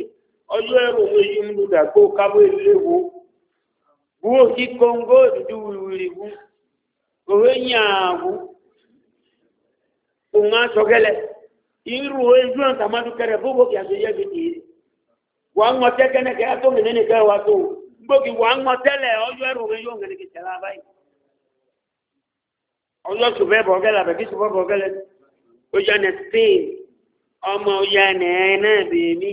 ọjọ́ ẹ̀rọ òun èyí ń lùdà kó kábọ̀ ìléwu wúwo kí kóńgó dúdú wìwìrì wú òwe nyààwó òun á sọgẹ́lẹ̀ irú ojú ọ̀tà máa fún bókì àtòyí ẹ̀gbí ti yé wàá ń mọ tẹ́kẹ́nẹ́kẹ́ àtòmìnir gbógi wà ń mọ tẹ́lẹ̀ ọjọ́ ẹ̀rọ òun yóò ń ọjọ́ ṣùgbẹ́ bọ̀gẹ́lẹ̀ àbẹ̀kí ṣùgbọ́ bọ̀gẹ́lẹ̀ ó yá ní spain ọmọ ọya ní ẹ̀ náà bèèmí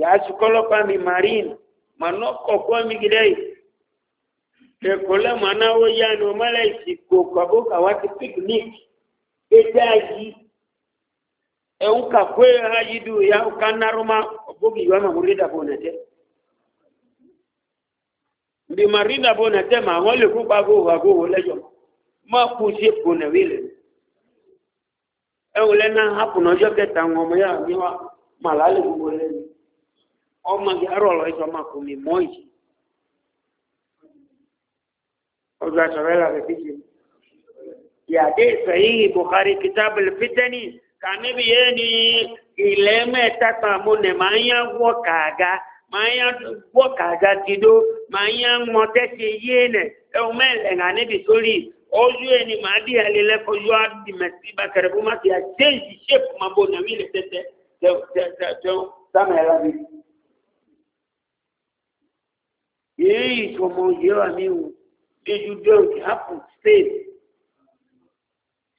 yàá ṣùkọ́lọ́pàá mi marine màná kọ̀ọ̀kọ́ mi gidẹ́ yìí kẹ̀kọ́ lẹ́mọ̀ náà ó yá ní ọmọlẹ̀ ìsìnkú kọ̀ọ̀kọ̀ wá ti picnic gbẹ́dẹ́ ayé ẹ̀hún kàkó ayé dùn yà ó ká nárọ́mà ọ̀gbọ́gì yọ ọmọ orí dàbọ̀ nà tẹ́ bí marine dàbọ̀ nà wọ́n lè kó gbàgbó wàgbó wọlé jọ̀mọ́ ma kú sí èkó nàwí rẹ̀ ẹwù lẹ́nà hapùnà ọjọ́ kẹta àwọn ọmọ yàrá mi wá màlá lè gbogbo lẹ́nu ọmọ yàrá ọ̀rọ̀ ẹ̀sọ́ máa kò mí mọ́ yìí ọjọ́ àṣọrẹ́ làbẹ̀ fíjì yàdé ìfẹ̀yìn ìbùkárí kìtàbìlì fítẹ́nì kàníbi yé ni ilẹ̀ mẹ́ta kan mo nẹ̀ máa ń yá wọ́ kàga máa ń yá wọ́ kàga ti máa ń yá mọ́tẹ́sẹ̀ yé nẹ̀ ẹ̀wọ̀n mẹ́lẹ̀ nà ojú ẹni màá di àlelẹ kọjú àdìmẹsí bá kẹrẹ bó má ti à change shape máa bò nàmí lè tẹtẹ tẹ tẹ tẹ sáàmì ẹ lábẹ. yéé ìfọmọ yìí wà mí wò déjú dọ́ọ̀n kì hapù state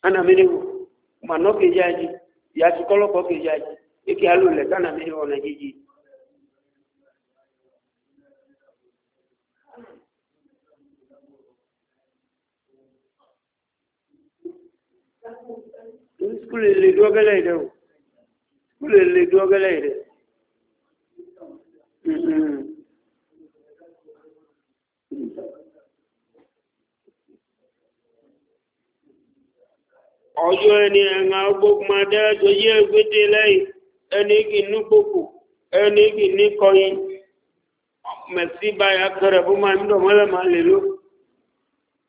ana mi ni wò mà nọ kejì àjì yàtú kọlọpọ kejì àjì èkì alò lẹ sànà mi ni wò nà jíjì. skule le do gele ide o skule le do gele ide ọjọ́ ẹni ẹ̀ràn ọgbọ́gbọ́n adájọ́ yẹ́ ẹgbẹ́dẹ́ lẹ́yìn ẹni igi ní gbogbo ẹni igi ní kọyí mẹ̀sí báyà kẹrẹ̀ bó máa ń dọ̀ mọ́lẹ̀ máa lè lóko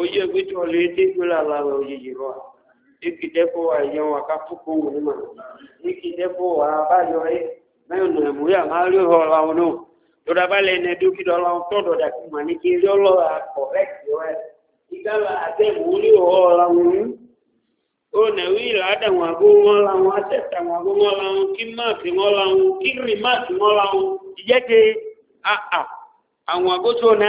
oye gbẹtọ lè dé gbẹlẹ alára oyeyè rọ eki dẹkọ wa ìyẹn wa kápúkọ wò ní ma eki dẹkọ wa abáyọ ẹ mẹnu ẹmú yà má rí họ la wọn o tọdà bá lẹnu ẹdókì dọlà wọn tọdọ dàkú mà ní kí eré ọlọ akọ ẹkì wa ìgbàlá àtẹmú rí họ la wọn o ó nà wí là àdàwọn àgó wọn la wọn àtẹsà wọn àgó wọn la wọn kí máàkì wọn la wọn kí rìmáàkì wọn la wọn ìjẹ́ ke àà àwọn àgóso nà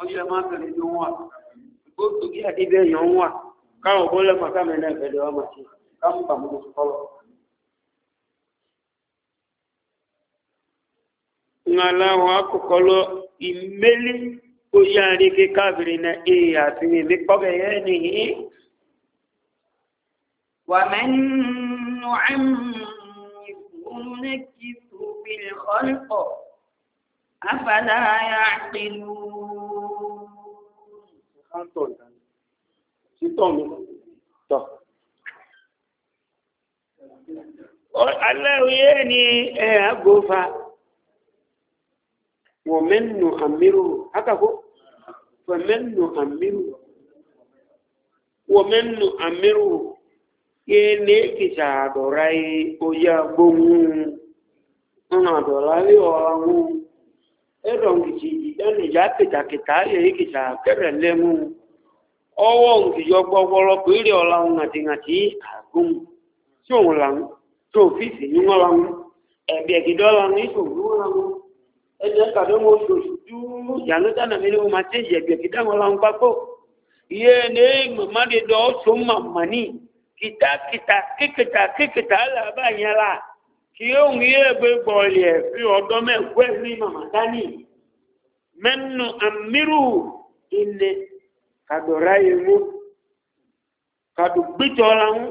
ọjọ́ máa kẹ̀lé ló wà gbogbo kí àdébẹ̀ èèyàn wà káwọn bọ́lẹ̀ màkà mẹ́rin ìfẹ̀lẹ̀ wa màṣẹ káwọn bàmú ló sọ́lọ̀. ŋaláwọ̀ akọ̀kọ̀ lọ ìmẹ́lí oyè àríkè káàbìrì náà èyí àti èmi kọ́kẹ́ yẹn nìyí. ومن نعمره نكسه بالخلق أفلا يعقلون títọ̀ ni ẹ àgbófa wọ́n mẹ́nu àmírù akàkó wọ́n mẹ́nu àmírù wọ́n mẹ́nu àmírù yé ní kìsà ó yá gbóhùn ọ̀nà ẹ̀rọ nkìtì ìdáni ìyá kìtàkìtà ayé ìkìtà kẹrẹ lẹ́mú ọwọ́ nkìyọ gbọ́gbọ́rọ́ péré ọ̀la ńàtìǹàtì àgùn tí òun là ń tó fífi ní wọn la ń ẹ̀bí ẹ̀gídọ́ la ń ìṣòwò ní wọn la ń ẹni ẹ̀ka tó mọ oṣooṣù dúró ìyànú dáná mi ni mo máa tẹ̀yẹ̀ ẹ̀bí ẹ̀gídá wọn la ń pákó iye ní màmá de dọ́ ọ́ tó màmá ní kìtàkìtà kíkìtà kíkìtà ẹ̀ kiyong ye be boye fi odo me we ni mama dani mennu amiru inne kadora yemu kadu bijola mu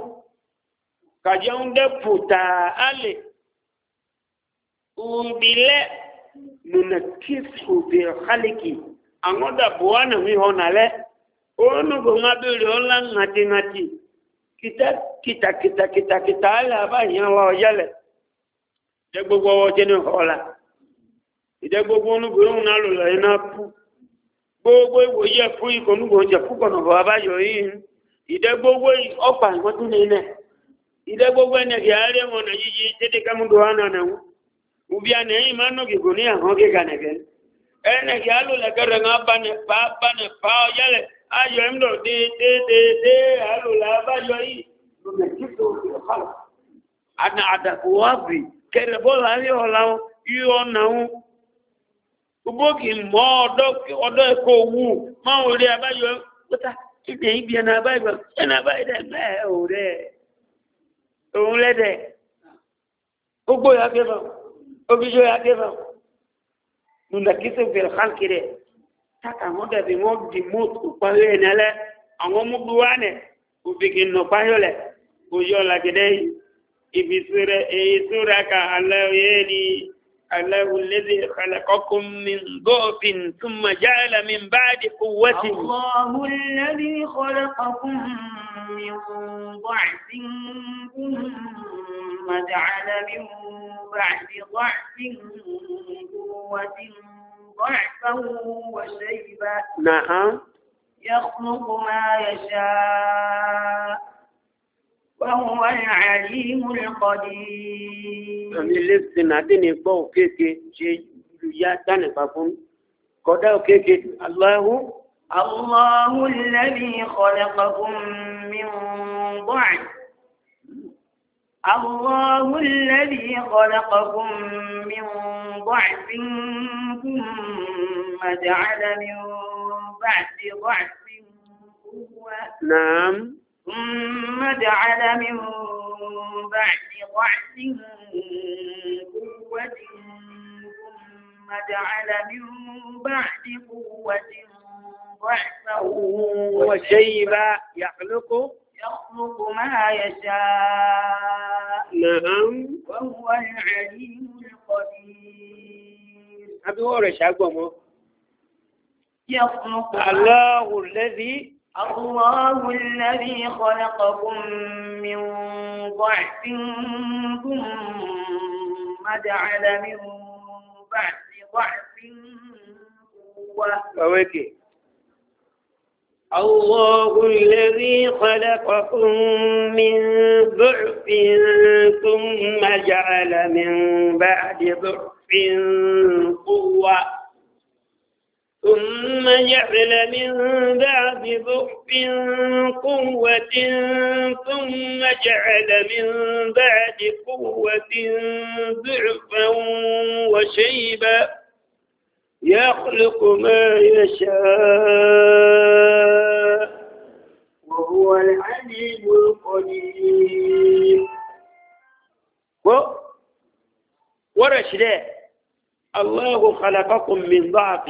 kajeun de puta ale umbile nunakifu bi khaliki angoda buwana mi honale onu go ngabili ola ngati kita kita kita kita kita ala ba yan wa yale idegbogbo gbogbo ọwọ jẹ ní ọlá ìdẹ gbogbo onúbìrún náà gbogbo ìwòye ẹfú ìkọnúgbò oúnjẹ púpọnà bọ abáyọ yìí ìdẹ gbogbo ààrẹ mọ nà yíyí tètè kámúdò hánà nàwó na anẹyìn má nọ gègò ní àwọn kẹrẹ bọ́ọ̀lù alẹ́ ọ̀la wọn yíyọ ọ̀nà wọn gbogbo mọ́ ọ̀dọ́ ẹ̀kọ́ owó máa ń rí abáyọ pátá ìdè ibi ẹ̀nà abáyọ ẹ̀nà abáyọ dẹ̀ bẹ́ẹ̀ ò rẹ̀ òun lẹ́dẹ̀ gbogbo ya kẹfà obìjọ ya kẹfà nùdàkísọ bẹ̀rẹ̀ fáńkì rẹ̀ wọn dàbí wọn di mọ́tò pààyọ ẹ̀nà lẹ àwọn mú bí wà nẹ̀ òbí kì í nọ pààyọ lẹ̀ òyọ làgẹ̀dẹ̀ yìí. ibi sura èyí sura ka aláwọ̀ yé ni aláwọ̀ lẹ́dí kàlàkọ́kùn mi gọ́ọ̀fin tún mà jáàlá mi bá di kúwọ́tì. aláwọ̀ lẹ́dí kàlàkọ́kùn mi bọ́ọ̀sìn kún mà jáàlá mi bàdí bọ́ọ̀sìn kúwọ́tì ضعفا وشيبا نعم يخلق ما يشاء وهو العليم القدير أمي لسن أدني بو كيكي شيء ياتاني بابون كودا كيكي الله الله الذي خلقكم من ضعف الله الذي خلقكم من ضعف ثم جعل من بعد ضعف قوة نعم ثم جعل من بعد ضعف قوة ثم جعل من بعد قوة ضعفا وشيبا يخلق يخلق ما يشاء نعم وهو العليم القدير أبي ورش أقوم يخلق الله الذي الله الذي خلقكم من ضعف ثم جعل من بعد ضعف قوة الله الذي خلقكم من ضعف ثم جعل من بعد ضعف قوة ثم جعل من بعد ضعف قوة ثم جعل من بعد قوة ضعفا وشيبا يخلق ما يشاء وهو العليم القدير ورشده الله خلقكم من ضعف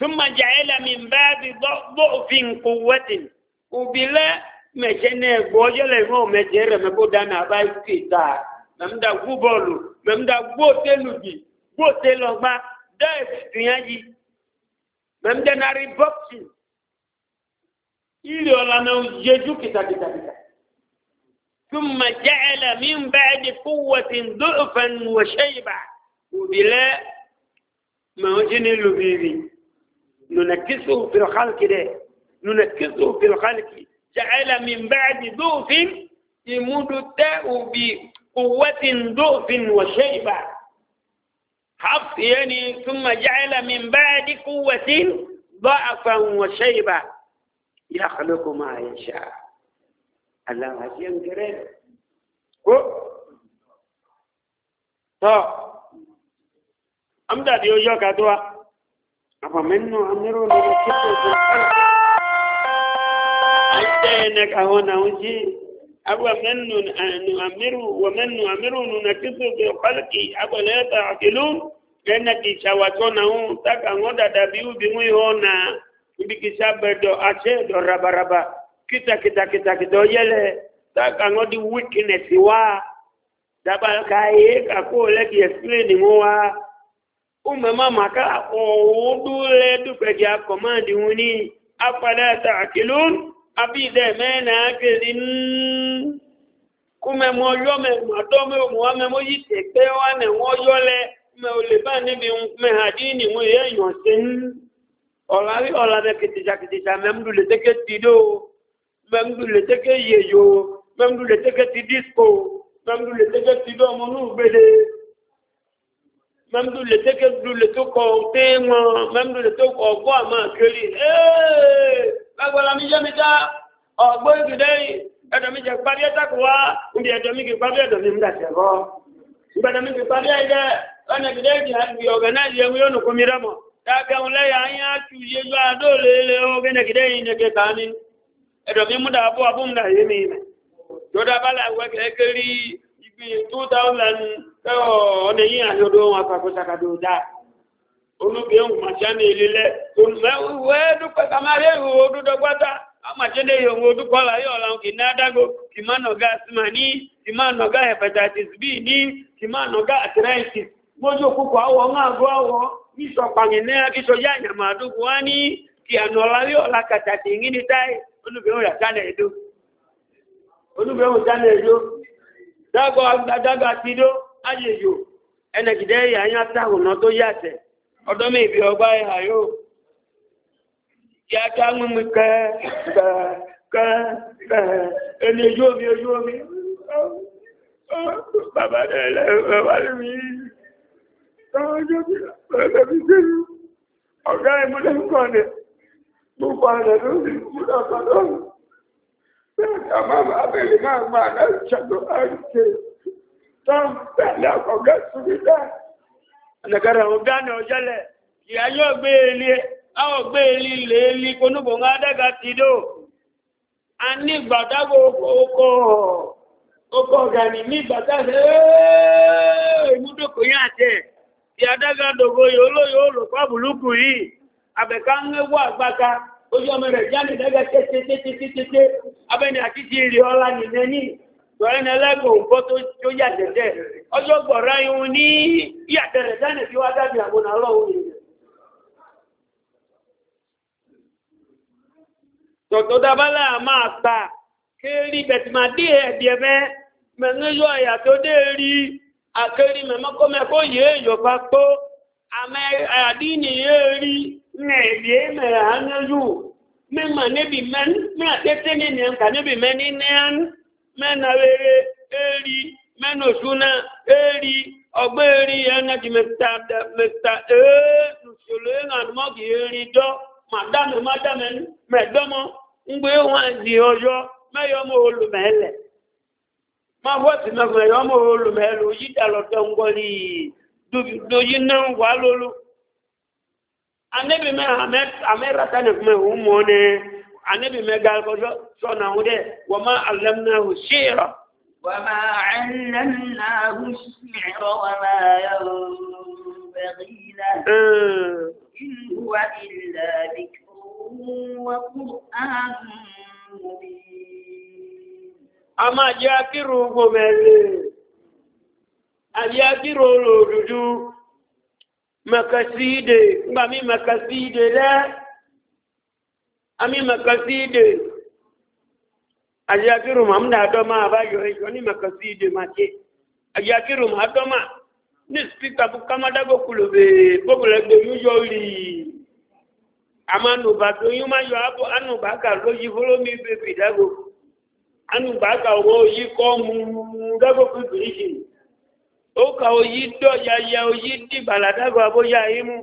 ثم جعل من باب ضعف قوة وبلا مجنة بوجل مو مجرة مبودا نباي كيتا ممدا غوبولو ممدا غوتلوجي غوتلوما دايف تيانجي ممدا ناري بوكسي إلي ولا نو جيجو كيتا كيتا كيتا ثم جعل من بعد قوة ضعفا وشيبا وبلا ما وجن لبيبي ننكسه في الخلق ده ننكسه في الخلق جعل من بعد ضعف يمد الداء بقوة ضعف وشيبة حفظ يعني ثم جعل من بعد قوة ضعفا وشيبة يخلق ما يشاء الله عزيز كريم طب أمداد يوجوك أدوى أفمن نعمر لنكبه في الخلق أنتينك أهون أوجي أو من نعمر ومن نعمر ننكبه في الخلق أو لا تعقلون كأنك شواتونه تكا غدا دبيو بمي هنا bikisa bedo ase do raba raba kita kita kita kita yele taka ngodi weakness wa dabal kai ka ko le ki explain wa umama maka odu oh, le dupe dia command uni afala ta'qilun abi de mena kelin kume mo yo me mato me mo me mo yi te pe wa me wo yo le o le ba ni bi me hadini mo ye yo sen ola ri ola de kiti ja kiti ja me mdu le te ke ti do me mdu le te ke ye yo te ke ti disco me mdu le te ke ti même du le te que du le to ko même du le to ko ko eh ba wala mi jami ta o gbo ju dei e do mi je pari ta ko wa ndi e mija, mi ke pari e do mi nda se go ba do mi ke pari e de ana ke dei di ha bi organize ye yo no ko mi ya ya tu ye lo ado le le o ke ne ke dei ne ke ka mi mu da abu mu yemi. ye mi bala we ke ke ri ibi 2000 ọ̀nà yí àyọ̀dọ̀ wọn àpapọ̀sàkàdò dáa olúbi ohun màṣá ní ilé olùmẹ́wẹ́ dúpẹ́ kàmárí ìhòòhò òdúdó gbátá àmàṣẹ́lẹ̀ ìhòòhò òdúkọ́lá yóò láwọn kì ní adágó kì máa nọ̀gá asima ní kì máa nọ̀gá hepatitis b ní kì máa nọ̀gá arthritis mójú òkúkọ àwọ̀ ń àgọ́ àwọ̀ níṣọ pàmìnà kíṣọ yá àyàmà àdúgbò ní kì ànàlá yóò ní táì olúbi ohun ìyàtálẹ̀ èdò olúbi ohun ìyàtálẹ̀ èdò dágọ̀ ayèyò ẹnẹ̀gìdẹ́ ìyá yá táwọnà tó yàtẹ̀ ọdọ́ mi ìbí ọgbà ìhà yóò kí á ká mú mi kẹ́ kẹ́ kẹ́ kẹ́ ẹni ojú omi ojú omi bàbá rẹ̀ bàbá rẹ̀ mi táwọn ojú omi bàbá mi sí mi ọ̀gá ẹ̀ múlẹ̀ ń kọ́ ni gbogbo àrẹ̀ lórí múlẹ̀ ọ̀gá bẹ́ẹ̀ ni àmọ́ àbẹ̀lẹ̀ máa gbà láti ṣàgbọ́ tán pẹ̀lẹ́ ọ̀gá ṣùgbídá. Àdàkàrà ọ̀gá ni ọjọ́lẹ̀, ìyá yóò gbé ilé, e a ò gbé ilé ilé ilé konúbò ń oko oko ọ̀gá ni ní ìgbàdágbò ìmúdòkò yá tẹ̀. Ti adága dògo yóò lóyè olùkọ́ àbùlùkù yìí, àbẹ̀ká ń wà gbáka. Ojú ọmọ rẹ̀ jáde lẹ́gẹ̀ẹ́ tẹ́tẹ́tẹ́tẹ́tẹ́ abẹ́ni àti ti èrè ọlá nìyẹn yìí tọ́rin ẹlẹ́gbọ̀n gbọ́ tó yàtẹ̀tẹ̀ ọjọ́ gbọ̀rá ihun ní yàtẹ̀rẹ̀ dáni tí wá dábì àwọn àlọ́wọ́ rẹ̀ tọ̀tọ̀ dábálà máa gbà kéèrí bẹ̀tìmá dé ẹ̀dì ẹ̀mẹ́ mẹ́núyọ ẹ̀yà tó dé rí akéèrí mẹ́mọ́kọ́mẹ́kọ́ yìí yọba pó àmẹ́ àdínì yìí rí ní ẹ̀dì ẹ̀mẹ́ àánẹ́yù mímọ̀ níbi mẹ́nà rere éèrí mẹ́nà òṣùnà éèrí ọgbẹ́ éèrí ẹnẹ́jì mẹ́ta èèlù e, ṣòlò ìrànmọ́gì éèrí dọ́ màdámù màdámù mẹ́dọ́mọ́ ń gbé wọn di ọjọ́ mẹ́yọmọ́ olùmẹ́lẹ̀ máa wọ́ọ̀tì mẹ́yọmọ́ olùmẹ́lẹ̀ òyídàlọ́dọ́ ń gbọ́lì doyi náà wà lólu. anẹ́bí mẹ́ àmẹ́ràtà nìkan mẹ́ mọ́ ni anabi mega ko so na wude wa ma allamnahu shi'ra wa ma 'allamnahu shi'ra wa ma yanbaghi lahu in huwa illa dhikrun wa qur'anun mubin ama jakiru gomele aliakiru lo dudu makaside ngami makaside da ami makaside ajakiru mamda adoma abayo hiyo ni makaside make ajakiru madoma ni speaker bukama dago kulube bogule de usually amanu bado yuma yo abo anu baka loji follow me baby dago anu baka wo yi ko mu dago kubishi o ka o yi do ya ya o yi di baladago aboya imu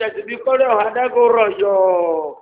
tẹsibí kọ́lọ́ àdágó rọ̀yọ̀ọ́.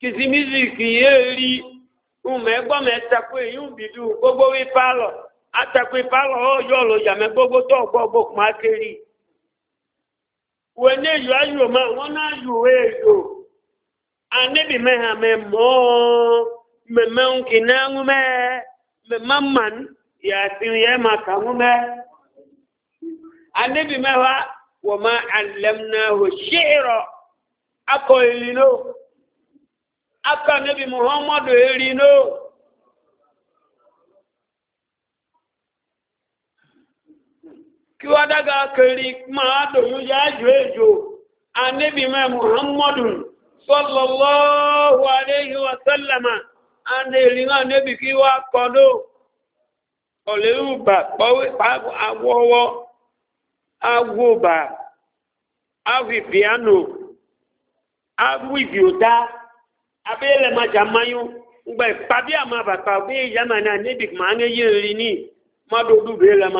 kìsìmìsì kì í rí umẹgbọmẹtakọ èyí ń bìdú gbogbo wí pálọ atakọ ìpálọ ọyọ ọlọjà mẹ gbogbo tó gbogbo kùmà kiri wọn èyí ayò mọ wọn náà yò èyò anibi mẹhàn mẹ mọ mẹmẹ nkìnnà ńmẹ mẹmẹ mman yàtìrì ẹ mà kà ńmẹ anibi mẹwàá wọn ma alẹmúnáwó ṣèèrọ akọ ìlú náà. aka nabi muhammadu no kí wọ́n dága kiri máa dòun yá a èjò anabi muhammadu sallallahu alayhi wa sallama anèrè náà nabi kí wọ́n kọ́dọ̀ ọ̀lẹ́rùbà pọ̀wé àwọ̀wọ́ agbóbà afi piano afi ma abele maja mayu ngbe kpabi ama bapa bi yama na nebi ma nge yeri ni ma do du bele [laughs]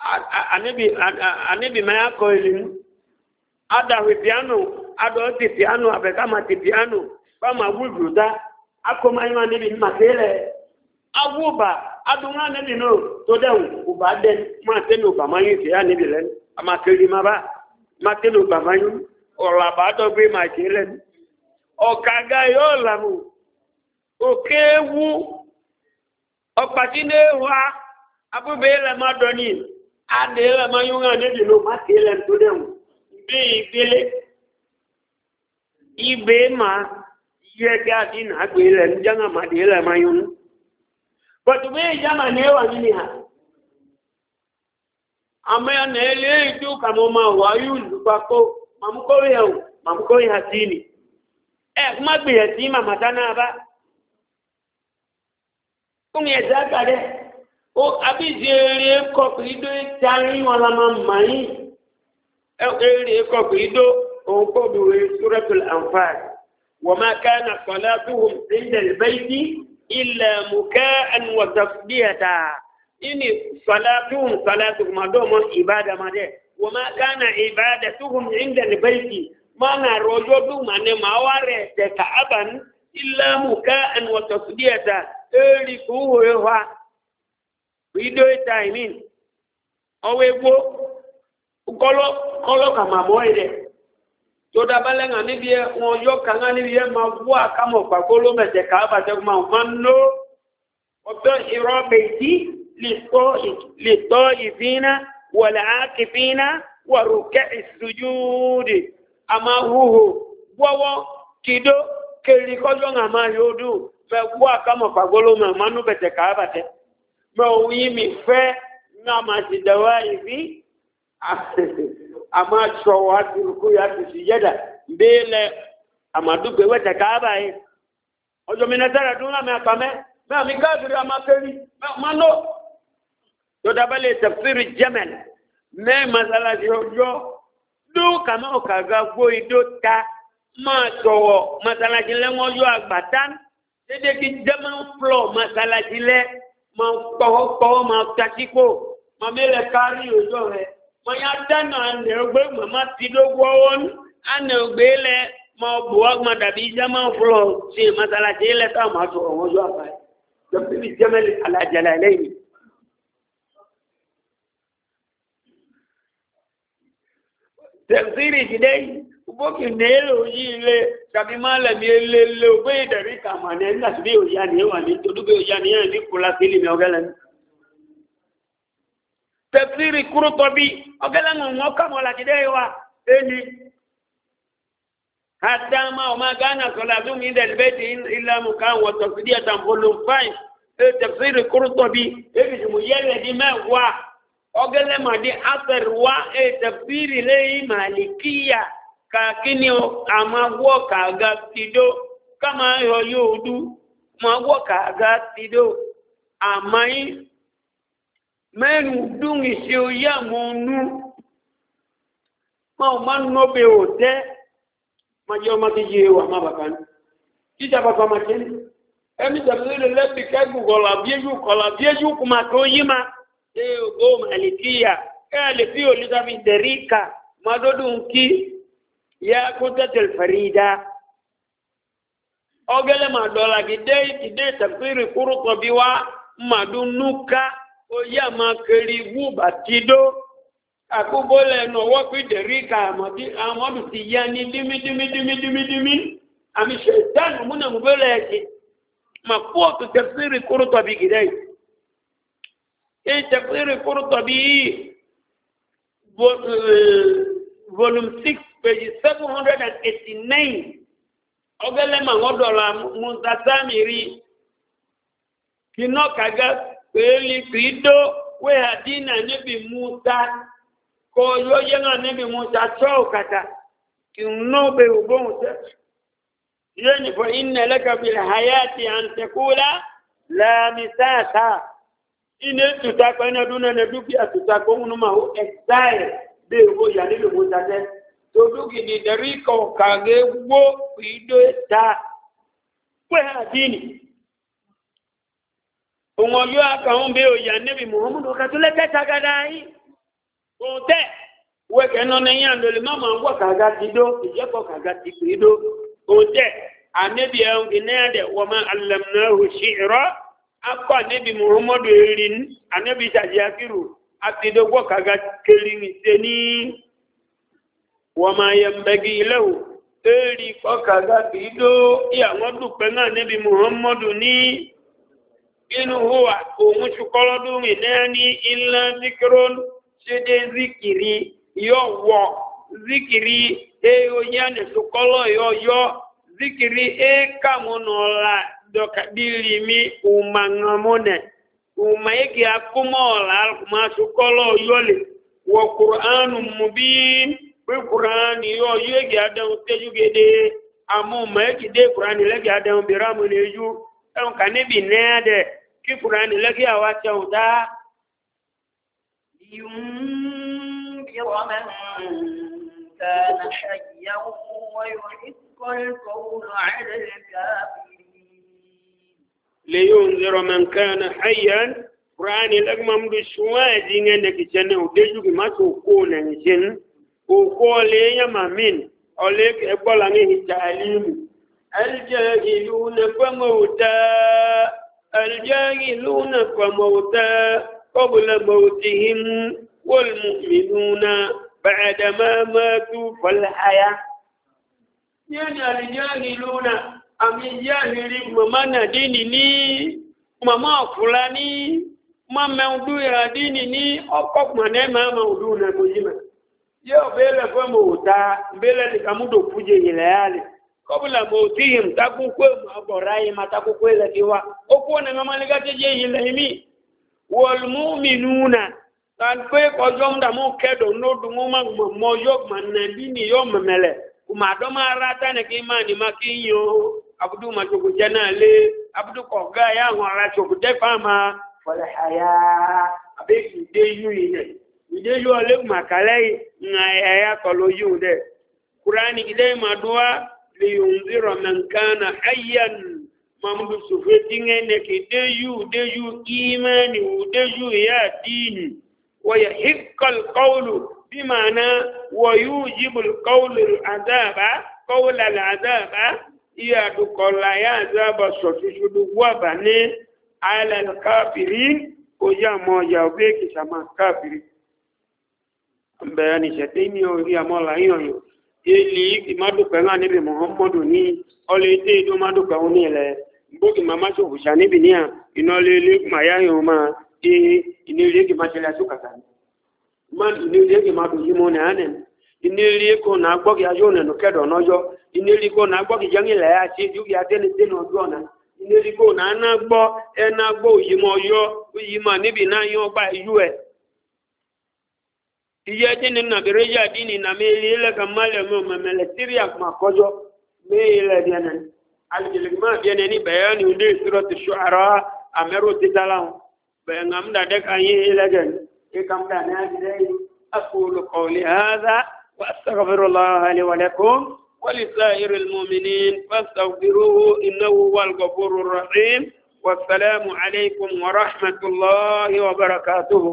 a anebi bi ma ya ko elin ada we piano ada ti piano abe kama ti piano ba ma wudu da akoma yima nebi ma kele awuba adunga nebi no to den uba den ma tenu ba mayu ti ya nebi len ama keli ma ba ma tenu ba bi ma àbádọ́gbé màjẹ́lẹ́nu ọ̀kàgá yóò làmù òkè ewu ọ̀pàtí ní ewa abúbẹ̀ lẹ́mọ dọ́ni adé lẹ́mọ yúngàn níbi ló má ké lẹ́nu tó dẹ̀wù bí ìgbélé ibè má yẹgẹ́ àti nàgbé lẹ́nu jángà má dé lẹ́mọ yúngàn bọ̀tùmí ìjàmà ní ewa nínú ha àmọ́ ẹ̀ lé ìdúkàmọ́ máa wáyú lùpapọ̀ màmúkọ́rẹ́ ẹ̀ màmúkọ́rẹ́ àti ìnìyàn ẹ kuma gbìyànjú màmá sáná bá kún yẹ dáka dẹ ó abíjì eré kọkùnrin dó tani wọn la máa mà yín eré kọkùnrin dó òun kò bí wọ́n sórẹ́tòlù ànfààní wọ́n máa ká na kọ́lá tó wọ́n ti ń dẹ̀ bẹ́ẹ̀ni ilẹ̀ mú ká ẹnu wọ́tọ̀ bí ẹ̀ ta ini tó wọ́n sọ́lá tó wọ́n máa dọ́ mọ́ ìbádàmá dẹ̀ wọ́n máa ká na ìbádà tó wọ́n ti ń dẹ̀ bẹ́ẹ̀ni mana rojo du mane maware te kaaban illa mukaan wa tasdiyata eli ku yoha video timing owe gbo kolo kolo kama moire to da balenga ni bi won yo kanga ni bi ma bu aka mo pa kolo me te kaaba te ma manno obo irabati للطائفين والعاكفين وركع السجود àmà wúhò wọ́wọ́ kìdó kèrì kọ́jọ́ àmà yóò dùn fẹ́ wú àkámọ̀ pàgọ́lọ́ mọ̀ mánú bẹ̀tẹ̀ kàábàtẹ́ mọ̀ òun yìí mi fẹ́ náà máa ti dẹ̀wá ìbí àmà sọ̀wọ́ àtìrúkú yà ti sì yẹ́dà bẹ́ẹ̀lẹ̀ àmàdúgbò wẹ̀tẹ̀ kàábà yìí ọjọ́ mi náà dún láàmì àpamẹ́ mẹ́wàá mi káàkiri àmà kéré mẹ́wàá má lọ. yọ̀dà bá jẹ́mẹ̀lẹ̀ mẹ́ dó kàmá ọ̀kàgà gbó idó ta máa tọ̀wọ̀ masalasi lẹ́ wọ́n yọ àgbàtà dédé kí german floor masalasi lẹ́ máa kpọ́wọ́ kpọ́wọ́ máa tasíkò máa mẹ́lẹ̀ kárí òjò rẹ̀ máa yá dáná ànà ògbé màmá ti dó gbọ́wọ́ ní ànà ògbé lẹ́ máa bò wá máa dàbí german floor ṣe masalasi lẹ́ táwọn máa tọ̀wọ̀ wọ́n yọ àgbà jọ bíbí german alajalẹ̀ lẹ́yìn. tẹ̀sírì jìdẹ́ gbókì nílò yí ilé tàbí máa lẹ̀mí ilé ilé ògbé ìdẹ̀rí kàmà ní ẹ̀ńdà sí bí òyà ní ẹ̀wà ní tolúgbé òyà ní ẹ̀ńdí kùlá sí ìlìmẹ̀ ọ̀gẹ́lẹ̀ ní. tẹ̀sírì kúrútọ́ bí ọ̀gẹ́lẹ̀ ń wọ́n kàmọ́ làjìdẹ́ wa ẹni. àdámà ọmọ gánà sọlá dùnmí ìdẹ̀lẹ́bẹ̀tì ìlànà kan wọ̀ tọ̀sídìí ọgẹlẹ màdí afẹrùwá ètẹfìrì e lẹyìn màlìkíyà kàkíní o àmà wọ kàga tìdó kàmá yọ yóò dú mà wọ kàga tìdó àmà yín mẹnu dùn ìṣe oyá mọ nú mà ò má nọbẹ ò tẹ mà jẹ ọmọ kejì ewu àmà bàbá ní jíjà bàbá mà jẹ ní ẹni tẹ̀lé lẹ́bi kẹ́gùn kọ̀là bíéjú kọ̀là bíéjú kùmà tó yí ma ee ogo malikia kale pia ulizamiderika madodunki ya kutatel farida ogele madola gidei gidei tafsiri kurutobi wa madunuka oya makelibu batido akubole nowo piderika amadu ti ya ni dimi dimi dimi dimi dimi ami shetani muna mubeleki mafuotu tafsiri kurutobi gidei في تفسير قرطبي volume 6 page 789 ogele ma ngodola muzasamiri kinokaga kweli krido we hadina nebi musa ko yoyenga nebi musa chokata kinobe ubonse yani fa inna laka bil hayati an takula la misasa ine tutakpa ina duna ne dukia tutakpa unu ma ho exile de ho ya ni lo tate to duki ni deriko kage wo ido ta kwe adini ongo yo aka on be o ya ne bi muhammad ka tule te tagadai o te we ke no ne yan le mama ngwa kaga tido ije ko kaga tido o te anebi en ginede wa ma allamnahu shi'ra akọ anabi muhammadu erin anabi shajiakiru atidogbo kaga kelin seni wama yambagi ilewu eri kọ kaga bido ìyàwó dùpẹ́ náà anabi muhammadu ní inú huwa òun ṣukọ́lọ́dún ìnáyà ní ilẹ̀ zikiro ṣédé zikiri yọ wọ zikiri eyo yẹn ṣukọ́lọ́ yọ yọ zikiri ekamu nọ la. dokadilimi umangamone umaiki akumola masukolo yole wa qur'anun mubin bi qur'an yo yegi adan tejugede amu maiki de qur'an legi adan biramu leju tan kanibi nede ki qur'an legi awacha uda ينذر من كان حيا ويحق القول على الكافرين لينذر من كان حيا قرآن الأجمم بشواجين أنك جنة وديجو ما تكون جن وقول يا مامين أولئك أقول عنه تعليم الجاهلون فموتا الجاهلون فموتا قبل موتهم والمؤمنون بعدما ماتوا فالحياة يعني الجاهلون ami jahili mamana dini ni mama fulani mama udu ya dini ni oko mane mama udu na kujima yo bele kwa muta bele nikamudo kuje ile yale kabla mautihim takukwe maborai matakukweza kiwa okuona mama ligate je ile himi wal mu'minuna tan kwe ko jom da mu kedo no du mu ma mo yo manadini yo memele kuma do ma rata ne ki mani abudu ma jogo le, náà lé abudu kọ gá ya àwọn ará jogo jẹ fáàmà fọlẹ àyà àbẹ ìdè yú yìí dẹ ìdè yú ọlẹ màkàlẹ nà ẹyà kọlọ yìí dẹ kurani gidẹ màdúwà lè yòun zero nankana ayyan mamudu sofe dinge neke de yu de yu imani wu de yu ya dini wọ̀yẹ̀ hìkọl kọlù bí màánà wọ̀yú jìbùl kọlù àdáàbá kọlù àdáàbá ihe adukɔla ya azaba bọ̀ waba ne alal kafiri oye amɔ ya obe kisama kafiri mbɛya ni sɛte mi ori amɔ la yɔn yo eli imadukɛ ŋa nebi muhammadu ni a ma ee ina ele kima tɛlɛ ní kata man ina ineri ko na gbɔ ki adzo nenu kɛdɔ n'ɔdzɔ ineri ko na gbɔ ki dzeŋi lɛ ati ju ki ate ne te nɔ na ineri ko na ana gbɔ ɛna gbɔ oyi ma ɔyɔ oyi ma nibi na yɔ ba yu ɛ e. iye ati ne na bere ya di ni na me ye lɛ ka ma lɛ mɛ o mɛmɛ lɛ siria kuma kɔdzɔ me ye lɛ biɛ nɛ alijeli ma biɛ nɛ ni bɛyɛ ni o de sɔrɔ ti su ara amɛro ti ta la o bɛyɛ ŋa mu da dɛ ka ye lɛ gɛ e ka mu da ne ya di dɛ ye. أقول قولي هذا وأستغفر الله لي ولكم ولسائر المؤمنين فاستغفروه إنه هو الغفور الرحيم والسلام عليكم ورحمة الله وبركاته